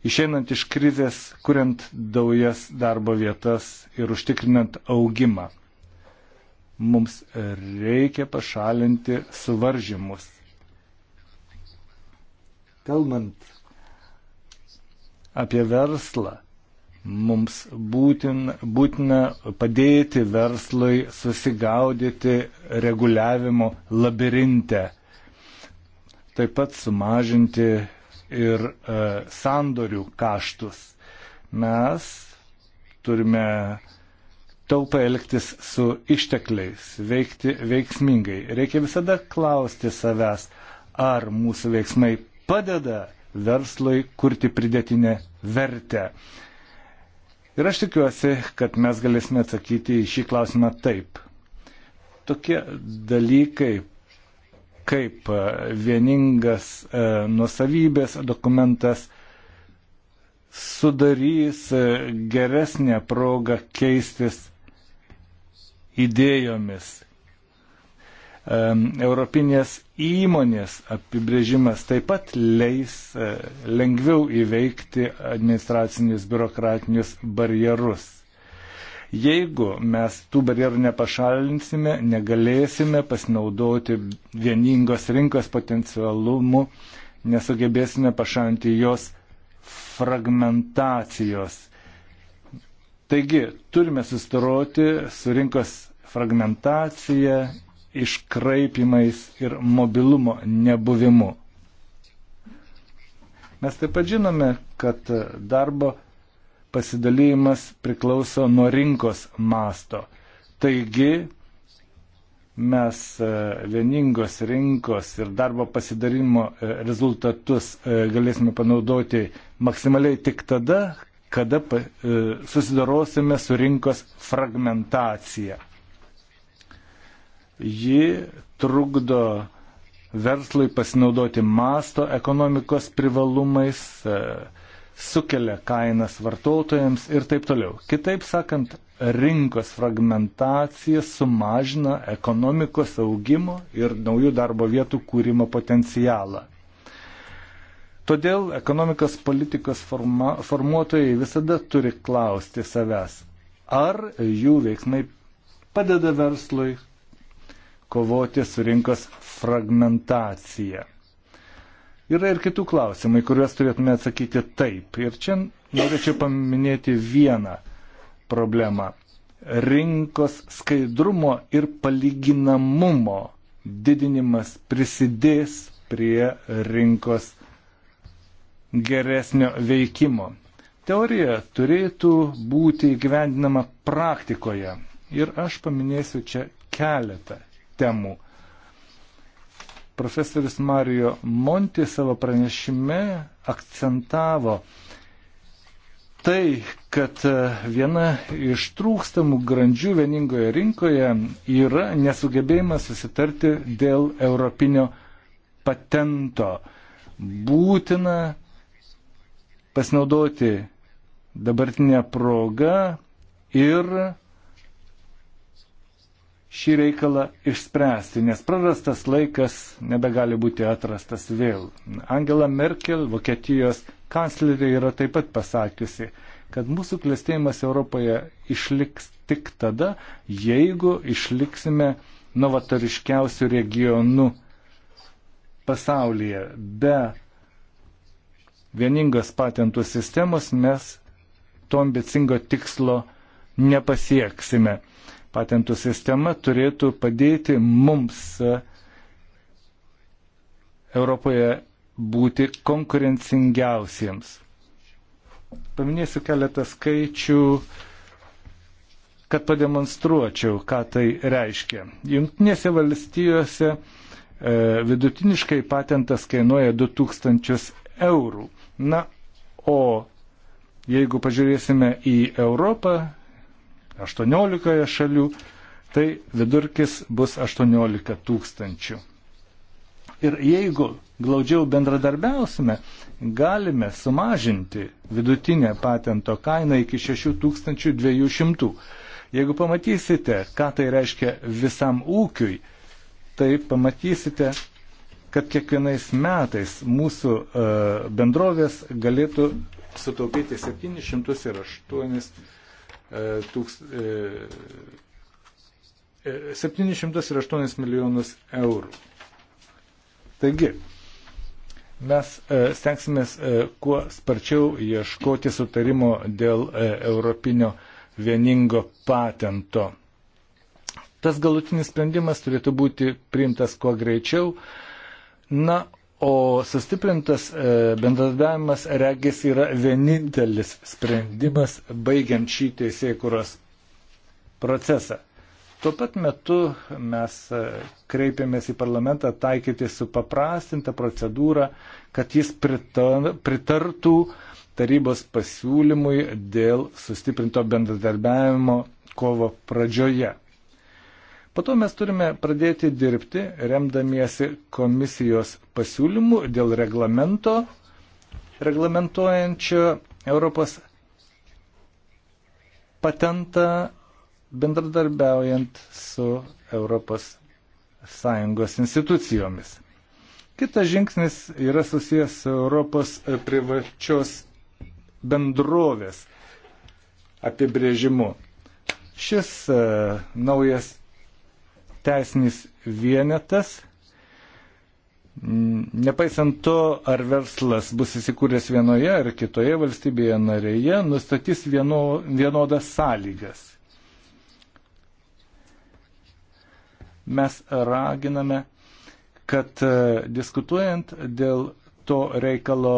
išeinant iš krizės, kuriant daujas darbo vietas ir užtikrinant augimą. Mums reikia pašalinti suvaržymus. Kalbant apie verslą, mums būtin, būtina padėti verslui susigaudyti reguliavimo labirinte, taip pat sumažinti ir e, sandorių kaštus. Mes turime taupai elgtis su ištekliais, veikti veiksmingai. Reikia visada klausti savęs, ar mūsų veiksmai padeda verslui kurti pridėtinę vertę. Ir aš tikiuosi, kad mes galėsime atsakyti į šį klausimą taip. Tokie dalykai kaip e, vieningas e, nusavybės dokumentas sudarys e, geresnę progą keistis idėjomis. Europinės įmonės apibrėžimas taip pat leis lengviau įveikti administracinius biurokratinius barjerus. Jeigu mes tų barjerų nepašalinsime, negalėsime pasinaudoti vieningos rinkos potencialumu, nesugebėsime pašalinti jos fragmentacijos. Taigi, turime sustaroti su rinkos fragmentacija, iškraipimais ir mobilumo nebuvimu. Mes taip pat žinome, kad darbo pasidalymas priklauso nuo rinkos masto. Taigi mes e, vieningos rinkos ir darbo pasidarimo e, rezultatus e, galėsime panaudoti maksimaliai tik tada, kada susidarosime su rinkos fragmentacija. Ji trukdo verslui pasinaudoti masto ekonomikos privalumais, sukelia kainas vartotojams ir taip toliau. Kitaip sakant, rinkos fragmentacija sumažina ekonomikos augimo ir naujų darbo vietų kūrimo potencialą. Todėl ekonomikos politikos forma, formuotojai visada turi klausti savęs, ar jų veiksmai padeda verslui kovoti su rinkos fragmentacija. Yra ir kitų klausimų, kuriuos turėtume atsakyti taip. Ir čia norėčiau paminėti vieną problemą. Rinkos skaidrumo ir palyginamumo didinimas prisidės prie rinkos geresnio veikimo. Teorija turėtų būti įgyvendinama praktikoje. Ir aš paminėsiu čia keletą temų. Profesorius Mario Monti savo pranešime akcentavo tai, kad e, viena iš trūkstamų grandžių vieningoje rinkoje yra nesugebėjimas susitarti dėl europinio patento. Būtina pasinaudoti dabartinę progą ir šį reikalą išspręsti, nes prarastas laikas nebegali būti atrastas vėl. Angela Merkel, Vokietijos kanclerė, yra taip pat pasakiusi, kad mūsų klėstėjimas Europoje išliks tik tada, jeigu išliksime novatoriškiausių regionų pasaulyje. Be vieningos patentų sistemos mes to ambicingo tikslo nepasieksime. Patentų sistema turėtų padėti mums e, Europoje būti konkurencingiausiems. Paminėsiu keletą skaičių, kad pademonstruočiau, ką tai reiškia. Junktinėse valstijose e, vidutiniškai patentas kainuoja 2000 eurų. Na, o jeigu pažiūrėsime į Europą, 18 šalių, tai vidurkis bus 18 tūkstančių. Ir jeigu glaudžiau bendradarbiausime, galime sumažinti vidutinę patento kainą iki 6200. Jeigu pamatysite, ką tai reiškia visam ūkiui, tai pamatysite, kad kiekvienais metais mūsų e, bendrovės galėtų sutaupyti 708 708 e, e, milijonus eurų. Taigi, mes e, stengsimės kuo sparčiau ieškoti sutarimo dėl europinio vieningo patento. Tas galutinis sprendimas turėtų būti priimtas kuo greičiau. Na, O sustiprintas e, bendradarbiavimas regis yra vienintelis sprendimas baigiant šį teisėkuros procesą. Tuo pat metu mes e, kreipėmės į parlamentą taikyti supaprastintą procedūrą, kad jis pritartų tarybos pasiūlymui dėl sustiprinto bendradarbiavimo kovo pradžioje. Po to mes turime pradėti dirbti, remdamiesi komisijos pasiūlymų dėl reglamento, reglamentuojančio Europos patentą bendradarbiaujant su Europos Sąjungos institucijomis. Kitas žingsnis yra susijęs su Europos privačios bendrovės apibrėžimu. Šis e, naujas teisinis vienetas. Nepaisant to, ar verslas bus įsikūręs vienoje ar kitoje valstybėje narėje, nustatys vieno, vienodas sąlygas. Mes raginame, kad e, diskutuojant dėl to reikalo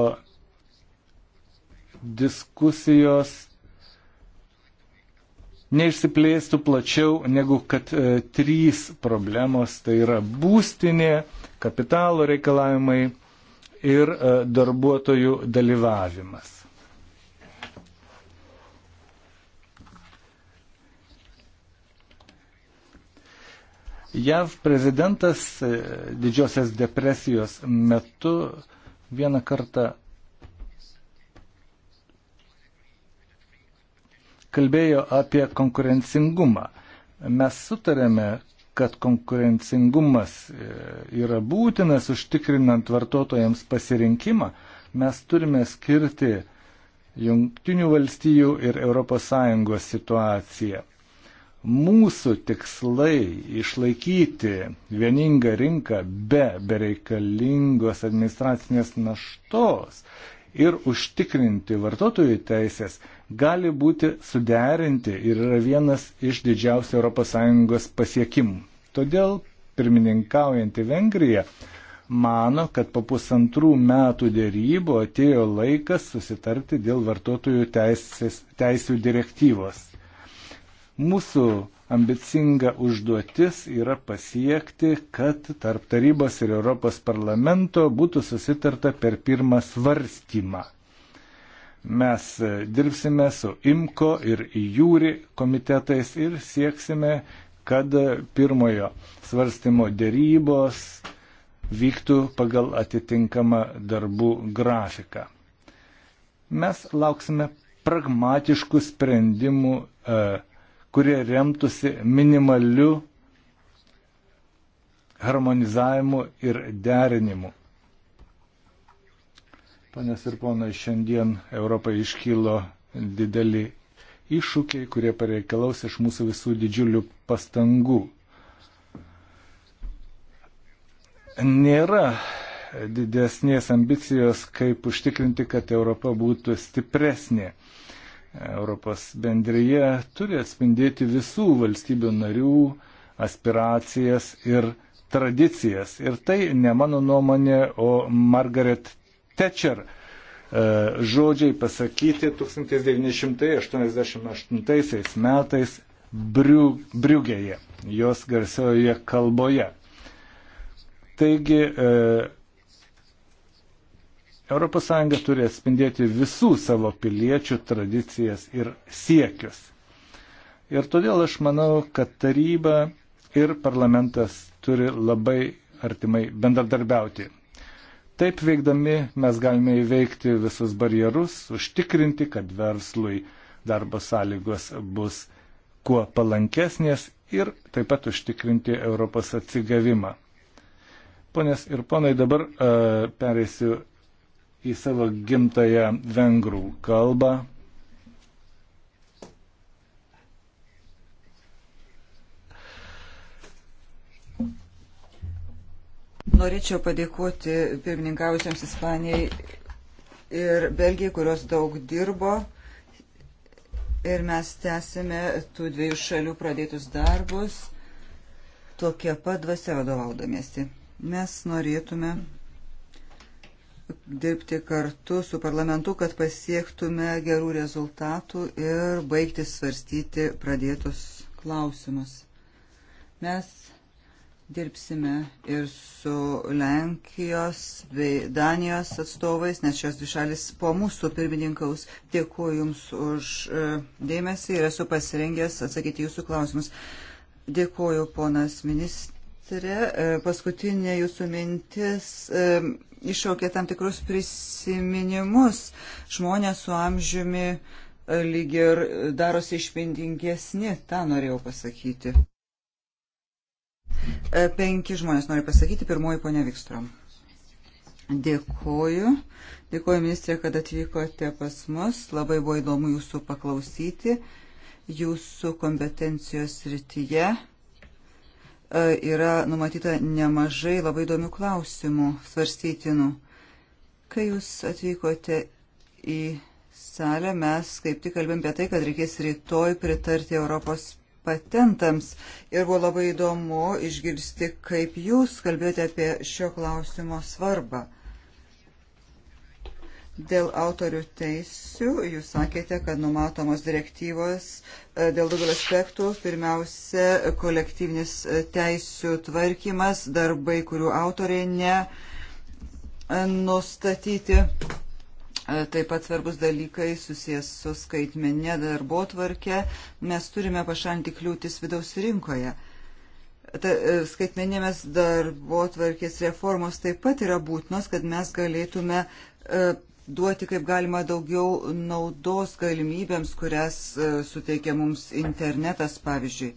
diskusijos neišsiplėstų plačiau negu kad e, trys problemos - tai yra būstinė, kapitalo reikalavimai ir e, darbuotojų dalyvavimas. JAV prezidentas e, Didžiosios depresijos metu vieną kartą kalbėjo apie konkurencingumą. Mes sutarėme, kad konkurencingumas e, yra būtinas užtikrinant vartotojams pasirinkimą. Mes turime skirti Junktinių valstijų ir ES situaciją. Mūsų tikslai išlaikyti vieningą rinką be bereikalingos administracinės naštos ir užtikrinti vartotojų teisės gali būti suderinti ir yra vienas iš didžiausių ES pasiekimų. Todėl pirmininkaujanti Vengrija mano, kad po pusantrų metų dėrybų atėjo laikas susitarti dėl vartotojų teisės, teisų direktyvos. Mūsų ambicinga užduotis yra pasiekti, kad tarp tarybos ir Europos parlamento būtų susitarta per pirmą svarstymą. Mes dirbsime su IMKO ir JūRI komitetais ir sieksime, kad pirmojo svarstymo dėrybos vyktų pagal atitinkamą darbų grafiką. Mes lauksime pragmatiškų sprendimų, e, kurie remtųsi minimaliu harmonizavimu ir derinimu. Panas ir ponai, šiandien Europai iškylo dideli iššūkiai, kurie pareikalaus iš mūsų visų didžiulių pastangų. Nėra didesnės ambicijos, kaip užtikrinti, kad Europa būtų stipresnė. Europos bendryje turi atspindėti visų valstybių narių aspiracijas ir tradicijas. Ir tai ne mano nuomonė, o Margaret Thatcher e, žodžiai pasakyti 1988 metais Briugėje, jos garsioje kalboje. Taigi, ES turi atspindėti visų savo piliečių tradicijas ir siekius. Ir todėl aš manau, kad taryba ir parlamentas turi labai artimai bendradarbiauti. Taip veikdami mes galime įveikti visus barjerus, užtikrinti, kad verslui darbo sąlygos bus kuo palankesnės ir taip pat užtikrinti Europos atsigavimą. Ponės ir ponai, dabar e, pereisiu į savo gimtają vengrų kalbą. Norėčiau padėkoti pirmininkausiams Ispanijai ir Belgijai, kurios daug dirbo. Ir mes tęsime tų dviejų šalių pradėtus darbus tokia pat dvasia vadovaudamiesi. Mes norėtume dirbti kartu su parlamentu, kad pasiektume gerų rezultatų ir baigti svarstyti pradėtus klausimus. Mes Dirbsime ir su Lenkijos bei Danijos atstovais, nes šios dvi šalis po mūsų pirmininkaus. Dėkuoju Jums už e, dėmesį ir esu pasirengęs atsakyti Jūsų klausimus. Dėkuoju, ponas ministrė. E, paskutinė Jūsų mintis e, iššaukė tam tikrus prisiminimus. Žmonės su amžiumi lyg ir darosi išpindingesni, tą norėjau pasakyti. E, penki žmonės nori pasakyti. Pirmoji ponia Vikstrom. Dėkoju. Dėkoju, ministrė, kad atvykote pas mus. Labai buvo įdomu jūsų paklausyti. Jūsų kompetencijos rytyje e, yra numatyta nemažai labai įdomių klausimų svarstytinų. Kai jūs atvykote į salę, mes kaip tik kalbėjom apie tai, kad reikės rytoj pritarti Europos patentams. Ir buvo labai įdomu išgirsti, kaip jūs kalbėjote apie šio klausimo svarbą. Dėl autorių teisių jūs sakėte, kad numatomos direktyvos e, dėl daugelio aspektų. Pirmiausia, kolektyvinis e, teisių tvarkymas, darbai, kurių autoriai ne e, nustatyti E, taip pat svarbus dalykai susijęs su skaitmenė darbo tvarkė. Mes turime pašalinti kliūtis vidaus rinkoje. Ta, e, skaitmenėmės darbo tvarkės reformos taip pat yra būtinos, kad mes galėtume e, duoti kaip galima daugiau naudos galimybėms, kurias e, suteikia mums internetas, pavyzdžiui.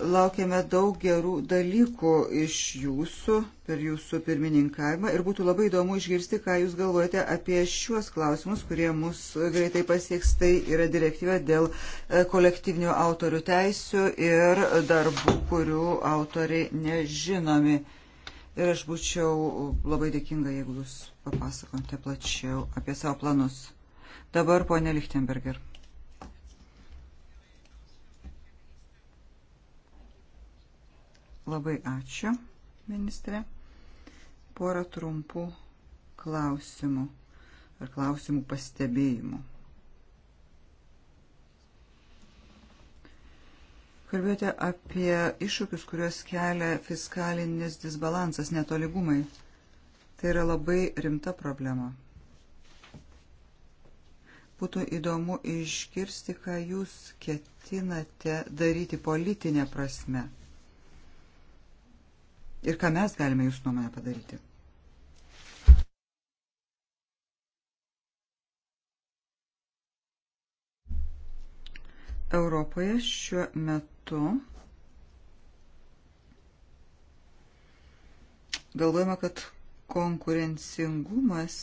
Laukiame daug gerų dalykų iš jūsų per jūsų pirmininkavimą ir būtų labai įdomu išgirsti, ką jūs galvojate apie šiuos klausimus, kurie mus greitai pasieks. Tai yra direktyva dėl e, kolektyvinių autorių teisių ir darbų, kurių autoriai nežinomi. Ir aš būčiau labai dėkinga, jeigu jūs papasakote plačiau apie savo planus. Dabar, ponė Lichtenberger. Labai ačiū, ministrė. Porą trumpų klausimų ar klausimų pastebėjimų. Kalbėjote apie iššūkius, kuriuos kelia fiskalinis disbalansas, netoligumai. Tai yra labai rimta problema. Būtų įdomu išgirsti, ką jūs ketinate daryti politinė prasme ir ką mes galime jūsų nuomonę padaryti. Europoje šiuo metu galvojame, kad konkurencingumas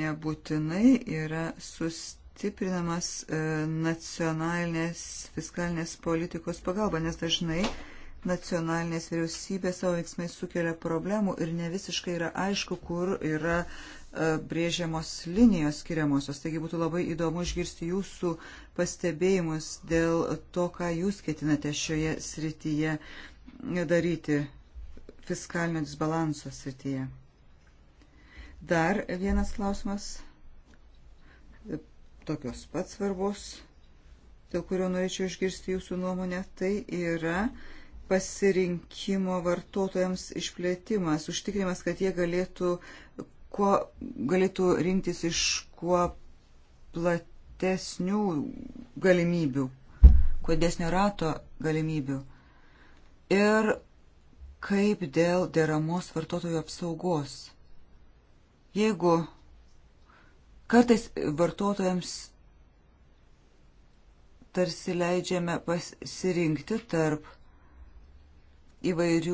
nebūtinai yra sustiprinamas e, nacionalinės fiskalinės politikos pagalba, nes dažnai nacionalinės vyriausybės savo veiksmais sukelia problemų ir ne visiškai yra aišku, kur yra e, brėžiamos linijos skiriamosios. Taigi būtų labai įdomu išgirsti jūsų pastebėjimus dėl to, ką jūs ketinate šioje srityje daryti, fiskalinio disbalanso srityje. Dar vienas klausimas, e, tokios pats svarbus, dėl kurio norėčiau išgirsti jūsų nuomonę, tai yra uh, pasirinkimo vartotojams išplėtimas, užtikrimas, kad jie galėtų, kuo, galėtų rinktis iš kuo platesnių galimybių, kuo desnio rato galimybių. Ir kaip dėl deramos vartotojų apsaugos. Jeigu kartais vartotojams tarsi leidžiame pasirinkti tarp įvairių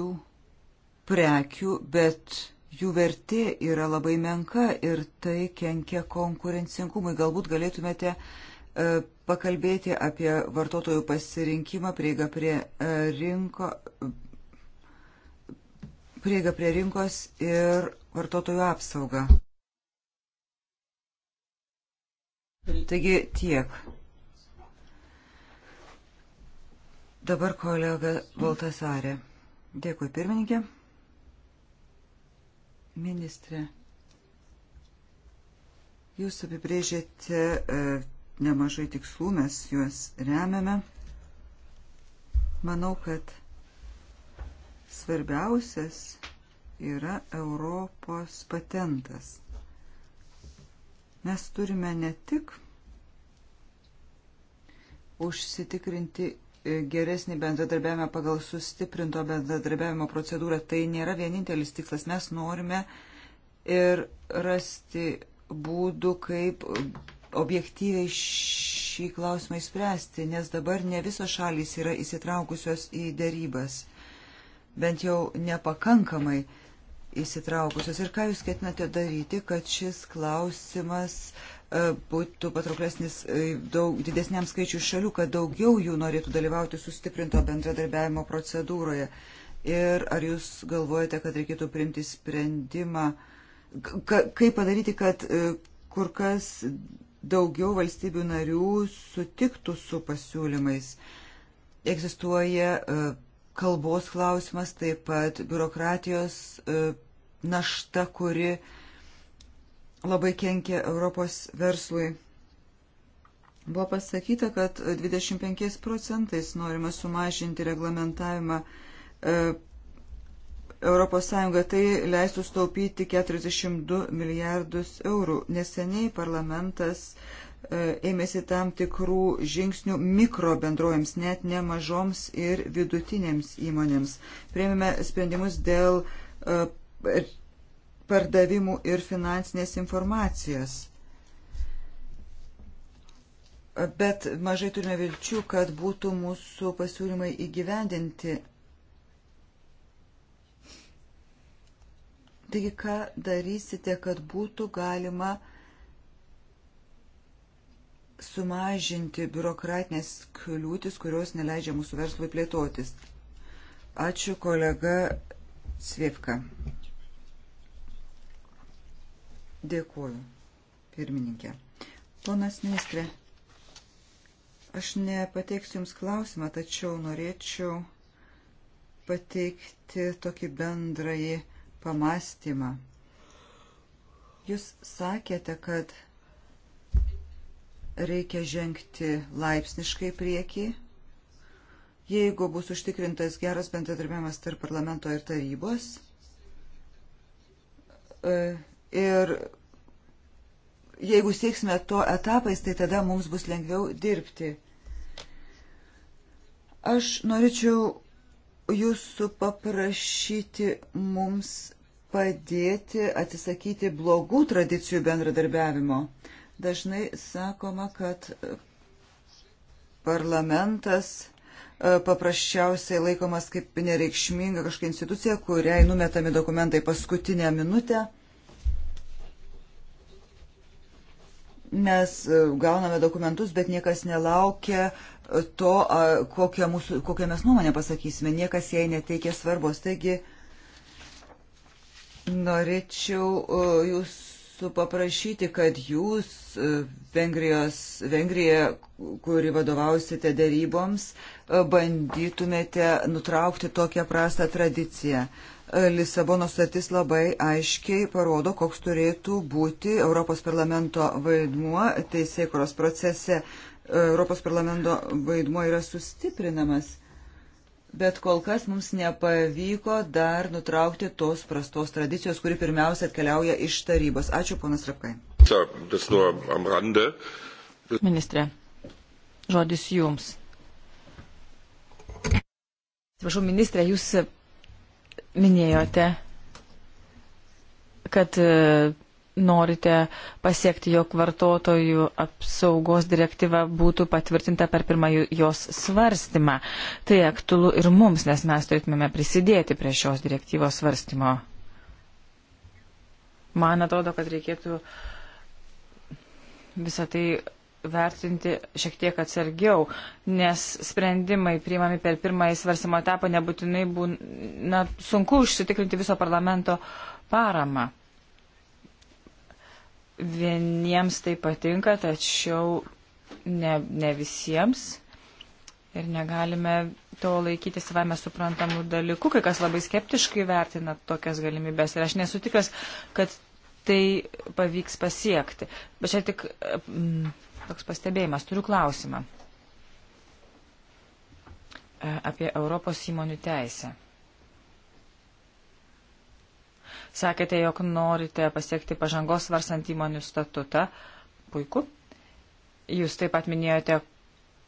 prekių, bet jų vertė yra labai menka ir tai kenkia konkurencingumui. Galbūt galėtumėte e, pakalbėti apie vartotojų pasirinkimą, prieigą prie, e, rinko, prieigą prie rinkos ir vartotojų apsaugą. Taigi tiek. Dabar kolega Baltasarė. Mm. Dėkui, pirmininkė. Ministrė, jūs apibrėžėte e, nemažai tikslų, mes juos remiame. Manau, kad svarbiausias yra Europos patentas. Mes turime ne tik užsitikrinti geresnį bendradarbiavimą pagal sustiprinto bendradarbiavimo procedūrą. Tai nėra vienintelis tikslas. Mes norime ir rasti būdų, kaip objektyviai šį klausimą įspręsti, nes dabar ne visos šalys yra įsitraukusios į dėrybas, bent jau nepakankamai įsitraukusios. Ir ką jūs ketinate daryti, kad šis klausimas uh, E, būtų patrauklesnis e, daug didesniam skaičiu šalių, kad daugiau jų norėtų dalyvauti sustiprinto bendradarbiavimo procedūroje. Ir ar jūs galvojate, kad reikėtų priimti sprendimą, kaip padaryti, kad e, kur kas daugiau valstybių narių sutiktų su pasiūlymais? Egzistuoja kalbos klausimas, taip pat biurokratijos našta, kuri uh, labai kenkia Europos verslui. Buvo pasakyta, kad 25 procentais norima sumažinti reglamentavimą ES, tai leistų staupyti 42 milijardus eurų. Neseniai parlamentas e, ėmėsi tam tikrų žingsnių mikro bendrojams, net ne mažoms ir vidutinėms įmonėms. Prieimėme sprendimus dėl e, pardavimų ir finansinės informacijos. Bet mažai turime vilčių, kad būtų mūsų pasiūlymai įgyvendinti. Taigi, ką darysite, kad būtų galima sumažinti biurokratinės kliūtis, kurios neleidžia mūsų verslui plėtotis? Ačiū kolega Svivka. Dėkuoju, pirmininkė. Ponas ministrė, aš nepateiksiu Jums klausimą, tačiau norėčiau pateikti tokį bendrąjį pamastymą. Jūs sakėte, kad reikia žengti laipsniškai priekį, jeigu bus užtikrintas geras bendradarbiavimas tarp parlamento ir tarybos e, Ir jeigu sieksime to etapais, tai tada mums bus lengviau dirbti. Aš norėčiau jūsų paprašyti mums padėti atsisakyti blogų tradicijų bendradarbiavimo. Dažnai sakoma, kad parlamentas e, paprasčiausiai laikomas kaip nereikšminga kažkokia institucija, kuriai numetami dokumentai paskutinę minutę. Mes e, gauname dokumentus, bet niekas nelaukia e, to, kokią, mūsų, kokią mes nuomonę pasakysime. Niekas jai neteikia svarbos. Taigi, norėčiau e, jūs jūsų paprašyti, kad jūs, e, Vengrijos, Vengrija, kuri vadovausite dėryboms, e, bandytumėte nutraukti tokią prastą tradiciją. E, Lisabono sutartis labai aiškiai parodo, koks turėtų būti Europos parlamento vaidmuo teisėkuros procese. Europos parlamento vaidmuo yra sustiprinamas bet kol kas mums nepavyko dar nutraukti tos prastos tradicijos, kuri pirmiausia atkeliauja iš tarybos. Ačiū, ponas Rapkai. Um, ministrė, žodis jums. Atsiprašau, ministrė, jūs minėjote, kad norite pasiekti, jog vartotojų apsaugos direktyva būtų patvirtinta per pirmąjį jos svarstymą. Tai aktualu ir mums, nes mes turėtumėme prisidėti prie šios direktyvos svarstymo. Man atrodo, kad reikėtų visą tai vertinti šiek tiek atsargiau, nes sprendimai priimami per pirmąjį svarstymo etapą nebūtinai būna sunku užsitikrinti viso parlamento paramą. Vieniems tai patinka, tačiau ne, ne visiems. Ir negalime to laikyti savame suprantamų dalykų, kai kas labai skeptiškai vertina tokias galimybės. Ir aš nesu tikras, kad tai pavyks pasiekti. Bet čia tik mm, toks pastebėjimas. Turiu klausimą e, apie Europos įmonių teisę. Sakėte, jog norite pasiekti pažangos svarsant įmonių statutą. Puiku. Jūs taip pat minėjote,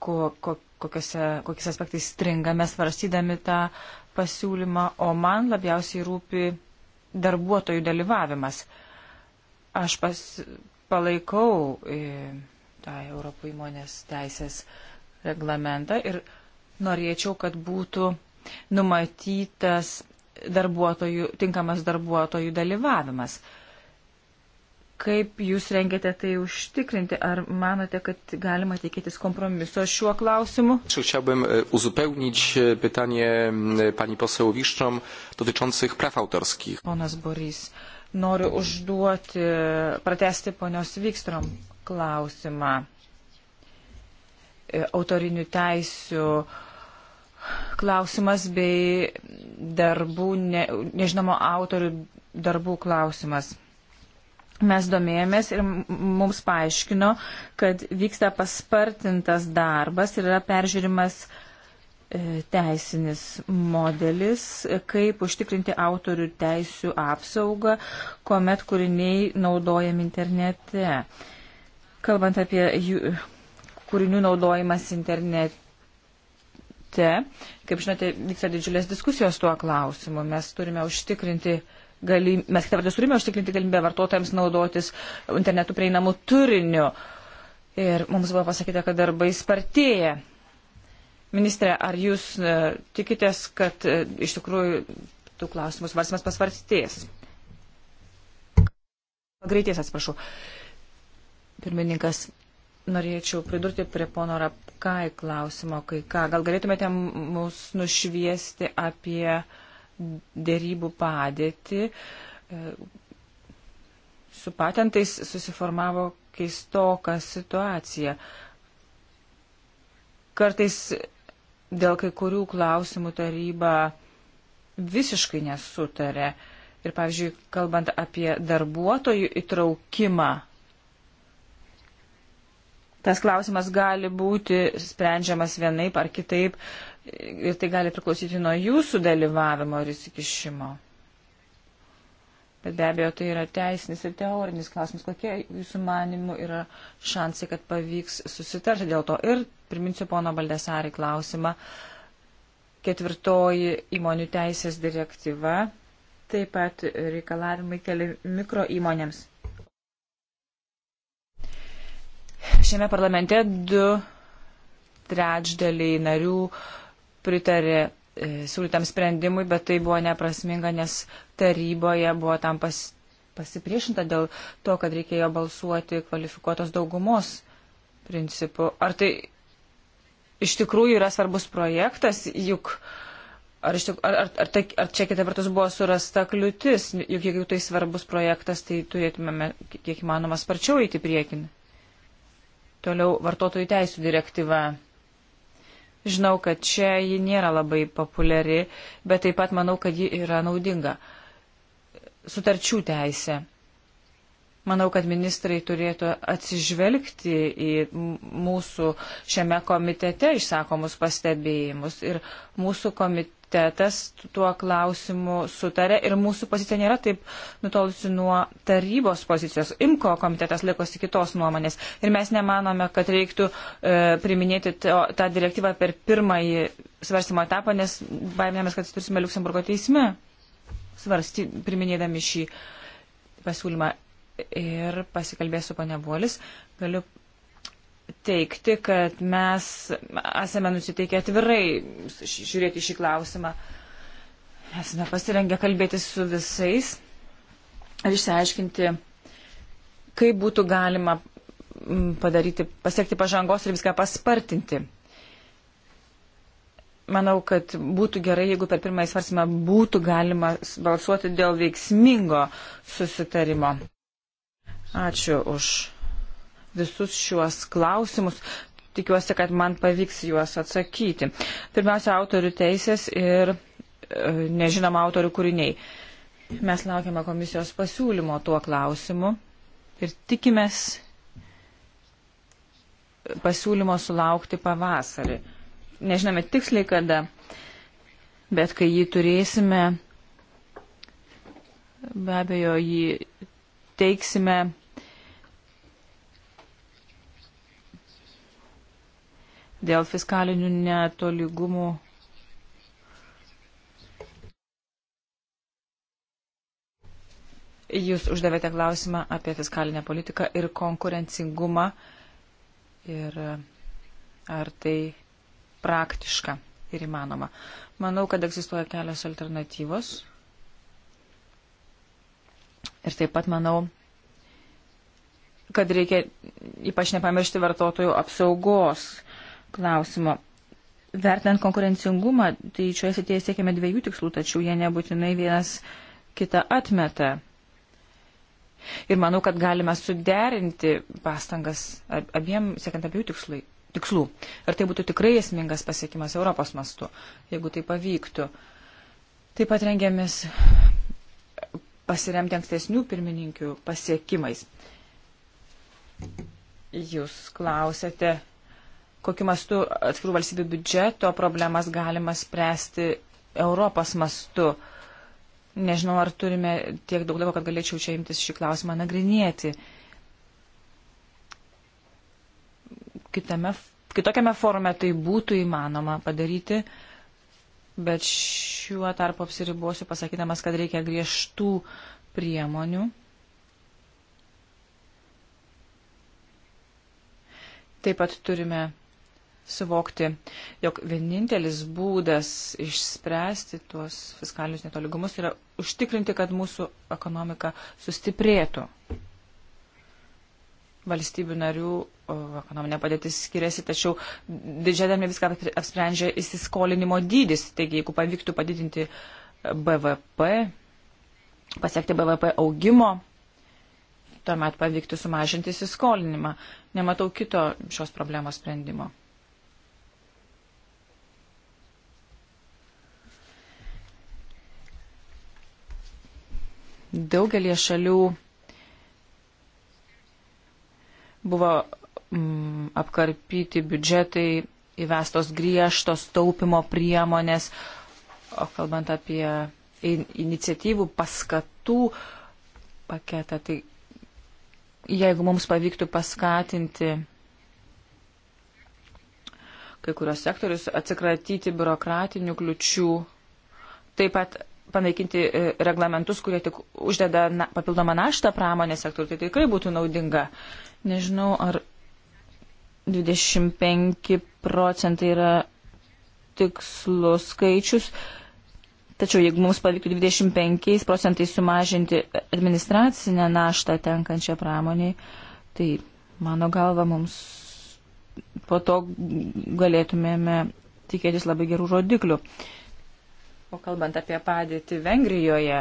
ko, ko, kokiose, kokiais aspektais stringame svarstydami tą pasiūlymą, o man labiausiai rūpi darbuotojų dalyvavimas. Aš pas, palaikau e, tą Europų įmonės teisės reglamentą ir norėčiau, kad būtų numatytas darbuotojų, tinkamas darbuotojų dalyvavimas. Kaip jūs rengiate tai užtikrinti? Ar manote, kad galima tikėtis kompromiso šiuo klausimu? Chciałbym e, uzupełnić e, pytanie pani poseł Wiszczom dotyczących praw autorskich. Ponas Borys, noriu užduoti, pratesti ponios Vikstrom klausimą e, autorinių teisių uh, klausimas bei darbų, ne, nežinomo autorių darbų klausimas. Mes domėjomės ir mums paaiškino, kad vyksta paspartintas darbas ir yra peržiūrimas e, teisinis modelis, kaip užtikrinti autorių teisių apsaugą, kuomet kūriniai naudojami internete. Kalbant apie jų, kūrinių naudojimas internete, parlamente, kaip žinote, vyksta didžiulės diskusijos tuo klausimu. Mes turime užtikrinti. Galim, mes kitą vartus turime užtikrinti galimybę vartotojams naudotis internetu prieinamu turiniu. Ir mums buvo pasakyta, kad darbai spartėja. Ministrė, ar jūs e, tikitės, kad e, iš tikrųjų tų klausimų svarstymas pasvarstės? Greitės, atsiprašau. Pirmininkas, norėčiau pridurti prie pono Rapkai klausimo, kai ką. Gal galėtumėte mus nušviesti apie dėrybų padėtį. Su patentais susiformavo keistoka situacija. Kartais dėl kai kurių klausimų taryba visiškai nesutarė. Ir, pavyzdžiui, kalbant apie darbuotojų įtraukimą tas klausimas gali būti sprendžiamas vienaip ar kitaip ir tai gali priklausyti nuo jūsų dalyvavimo ir įsikišimo. Bet be abejo, tai yra teisinis ir teorinis klausimas. Kokie jūsų manimų yra šansai, kad pavyks susitarti dėl to? Ir priminsiu pono Baldesarį klausimą. Ketvirtoji įmonių teisės direktyva. Taip pat reikalavimai keli mikro įmonėms. Šiame parlamente du trečdaliai narių pritarė e, siūlytam sprendimui, bet tai buvo neprasminga, nes taryboje buvo tam pas, pasipriešinta dėl to, kad reikėjo balsuoti kvalifikuotos daugumos principu. Ar tai iš tikrųjų yra svarbus projektas, juk ar, tikrųjų, ar, ar, ar, tai, ar čia kita vertus buvo surasta kliūtis, juk jeigu tai svarbus projektas, tai turėtumėme kiek įmanoma sparčiau eiti priekin. Toliau vartotojų teisų direktyva. Žinau, kad čia ji nėra labai populiari, bet taip pat manau, kad ji yra naudinga. Sutarčių teisė. Manau, kad ministrai turėtų atsižvelgti į mūsų šiame komitete išsakomus pastebėjimus ir mūsų komite, komitetas tuo klausimu sutarė ir mūsų pozicija nėra taip nutolusi nuo tarybos pozicijos. Imko komitetas laikosi kitos nuomonės ir mes nemanome, kad reiktų e, priminėti to, tą direktyvą per pirmąjį svarstymo etapą, nes baiminėmės, kad atsidursime Luksemburgo teisme, svarsty, priminėdami šį pasiūlymą. Ir pasikalbėsiu, ponia Buolis, galiu teikti, kad mes esame nusiteikę atvirai žiūrėti šį klausimą. Esame pasirengę kalbėti su visais ir išsiaiškinti, kaip būtų galima mm, padaryti, pasiekti pažangos ir viską paspartinti. Manau, kad būtų gerai, jeigu per pirmąjį svarsimą būtų galima balsuoti dėl veiksmingo susitarimo. Ačiū už visus šiuos klausimus. Tikiuosi, kad man pavyks juos atsakyti. Pirmiausia, autorių teisės ir e, nežinoma autorių kūriniai. Mes laukiame komisijos pasiūlymo tuo klausimu ir tikimės pasiūlymo sulaukti pavasarį. Nežinome tiksliai kada, bet kai jį turėsime, be abejo, jį teiksime dėl fiskalinių netolygumų. Jūs uždavėte klausimą apie fiskalinę politiką ir konkurencingumą ir e, ar tai praktiška ir įmanoma. Manau, kad egzistuoja kelios alternatyvos. Ir taip pat manau, kad reikia ypač nepamiršti vartotojų apsaugos klausimo. Vertinant konkurencingumą, tai šioje srityje siekiame dviejų tikslų, tačiau jie nebūtinai vienas kitą atmeta. Ir manau, kad galime suderinti pastangas abiem, siekiant abiejų tikslai, tikslų. Ir tai būtų tikrai esmingas pasiekimas Europos mastu, jeigu tai pavyktų. Taip pat rengiamės pasiremti ankstesnių pirmininkių pasiekimais. Jūs klausėte, kokiu mastu atskirų valstybių biudžeto problemas galima spręsti Europos mastu. Nežinau, ar turime tiek daug laiko, kad galėčiau čia imtis šį klausimą nagrinėti. Kitame, kitokiame forume tai būtų įmanoma padaryti, bet šiuo tarpu apsiribuosiu pasakydamas, kad reikia griežtų priemonių. Taip pat turime suvokti, jog vienintelis būdas išspręsti tuos fiskalinius netoligumus yra užtikrinti, kad mūsų ekonomika sustiprėtų. Valstybių narių ekonominė padėtis skiriasi, tačiau didžiadami viską apsprendžia įsiskolinimo dydis. Taigi, jeigu pavyktų padidinti BVP, pasiekti BVP augimo, tuomet pavyktų sumažinti įsiskolinimą. Nematau kito šios problemos sprendimo. daugelie šalių buvo mm, apkarpyti biudžetai, įvestos griežtos taupimo priemonės, o kalbant apie in iniciatyvų paskatų paketą, tai jeigu mums pavyktų paskatinti kai kurios sektorius atsikratyti biurokratinių kliučių, taip pat panaikinti e, reglamentus, kurie tik uždeda na, papildomą naštą pramonės sektoriui, tai tikrai būtų naudinga. Nežinau, ar 25 procentai yra tikslus skaičius, tačiau jeigu mums pavyktų 25 procentai sumažinti administracinę naštą tenkančią pramoniai, tai mano galva mums po to galėtumėme tikėtis labai gerų rodiklių. Uh, O kalbant apie padėtį Vengrijoje,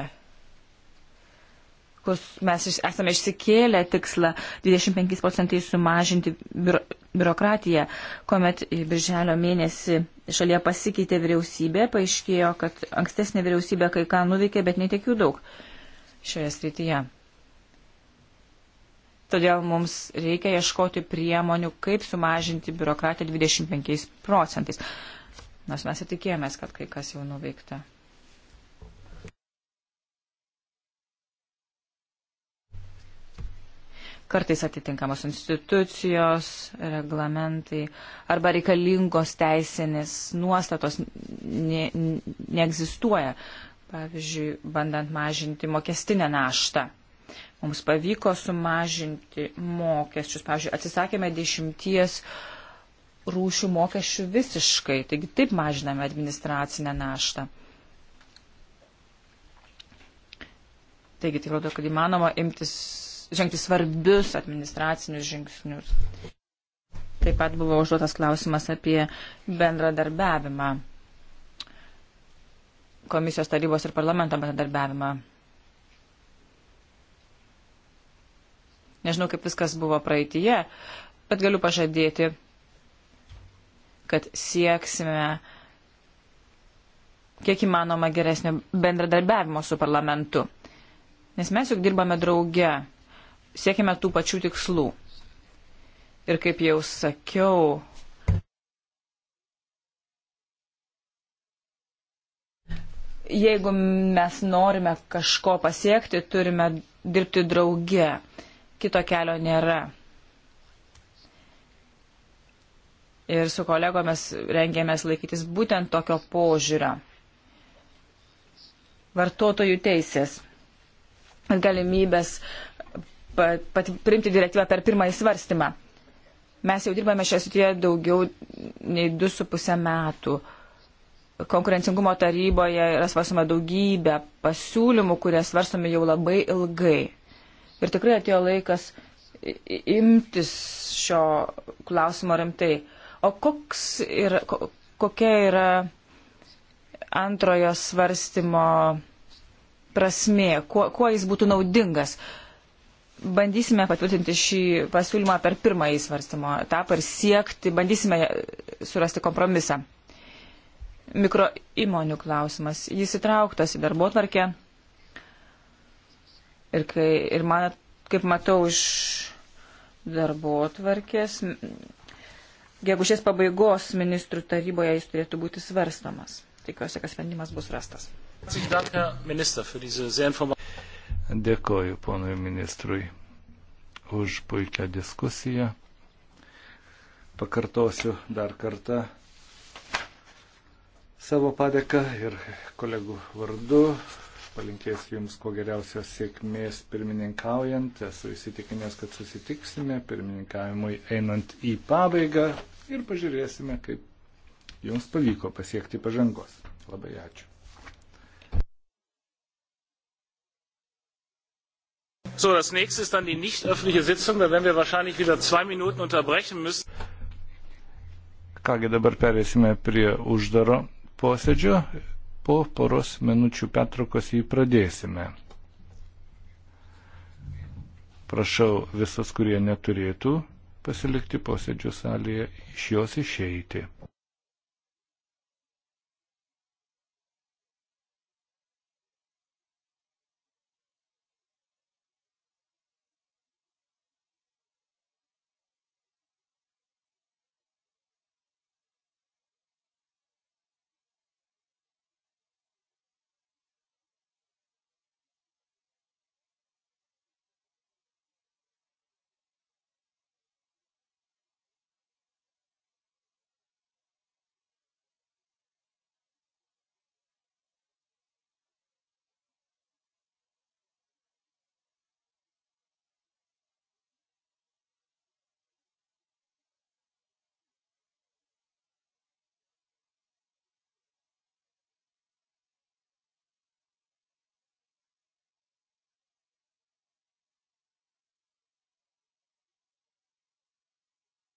kur mes esame išsikėlę tikslą 25 procentai sumažinti biuro, biurokratiją, kuomet birželio mėnesį šalyje pasikeitė vyriausybė, paaiškėjo, kad ankstesnė vyriausybė kai ką nuveikė, bet netiek jų daug šioje srityje. Todėl mums reikia ieškoti priemonių, kaip sumažinti biurokratiją 25 procentais nors mes ir tikėjomės, kad kai kas jau nuveikta. Kartais atitinkamos institucijos, reglamentai arba reikalingos teisinės nuostatos ne, neegzistuoja, pavyzdžiui, bandant mažinti mokestinę naštą. Mums pavyko sumažinti mokesčius, pavyzdžiui, atsisakėme dešimties uh, rūšių mokesčių visiškai. Taigi taip mažiname administracinę naštą. Taigi tai rodo, kad įmanoma imtis, žengti svarbius administracinius žingsnius. Taip pat buvo užduotas klausimas apie bendradarbiavimą. Komisijos tarybos ir parlamento bendradarbiavimą. Nežinau, kaip viskas buvo praeitie, bet galiu pažadėti, kad sieksime kiek įmanoma geresnio bendradarbiavimo su parlamentu. Nes mes juk dirbame drauge, siekime tų pačių tikslų. Ir kaip jau sakiau, jeigu mes norime kažko pasiekti, turime dirbti drauge. Kito kelio nėra. ir su kolegomis rengėmės laikytis būtent tokio požiūrio. Vartotojų teisės ir galimybės pat, pat, priimti direktyvą per pirmąjį svarstymą. Mes jau dirbame šią sutiją daugiau nei 2,5 metų. Konkurencingumo taryboje yra svarstoma daugybė pasiūlymų, kurie svarstomi jau labai ilgai. Ir tikrai atėjo laikas imtis šio klausimo rimtai O koks ir kokia yra antrojo svarstymo prasmė, kuo, kuo jis būtų naudingas? bandysime patvirtinti šį pasiūlymą per pirmąjį svarstymo etapą ir siekti, bandysime surasti kompromisą. Mikro įmonių klausimas. Jis įtrauktas į darbo tvarkę. Ir, kai, ir man, kaip matau iš darbo tvarkės, gegužės pabaigos ministrų taryboje jis turėtų būti svarstamas. Tikiuosi, kad sprendimas bus rastas. Dėkoju ponui ministrui už puikią diskusiją. Pakartosiu dar kartą savo padėką ir kolegų vardu palinkės Jums kuo geriausios sėkmės pirmininkaujant. Esu įsitikinęs, kad susitiksime pirmininkavimui einant į pabaigą ir pažiūrėsime, kaip Jums pavyko pasiekti pažangos. Labai ačiū. So, das nächste ist dann die nicht öffentliche Sitzung. Da werden wir wahrscheinlich wieder zwei Minuten unterbrechen müssen. Kągi dabar perėsime prie uždaro posėdžio. Po poros minučių petrukos jį pradėsime. Prašau visus, kurie neturėtų pasilikti posėdžių salėje, iš jos išeiti.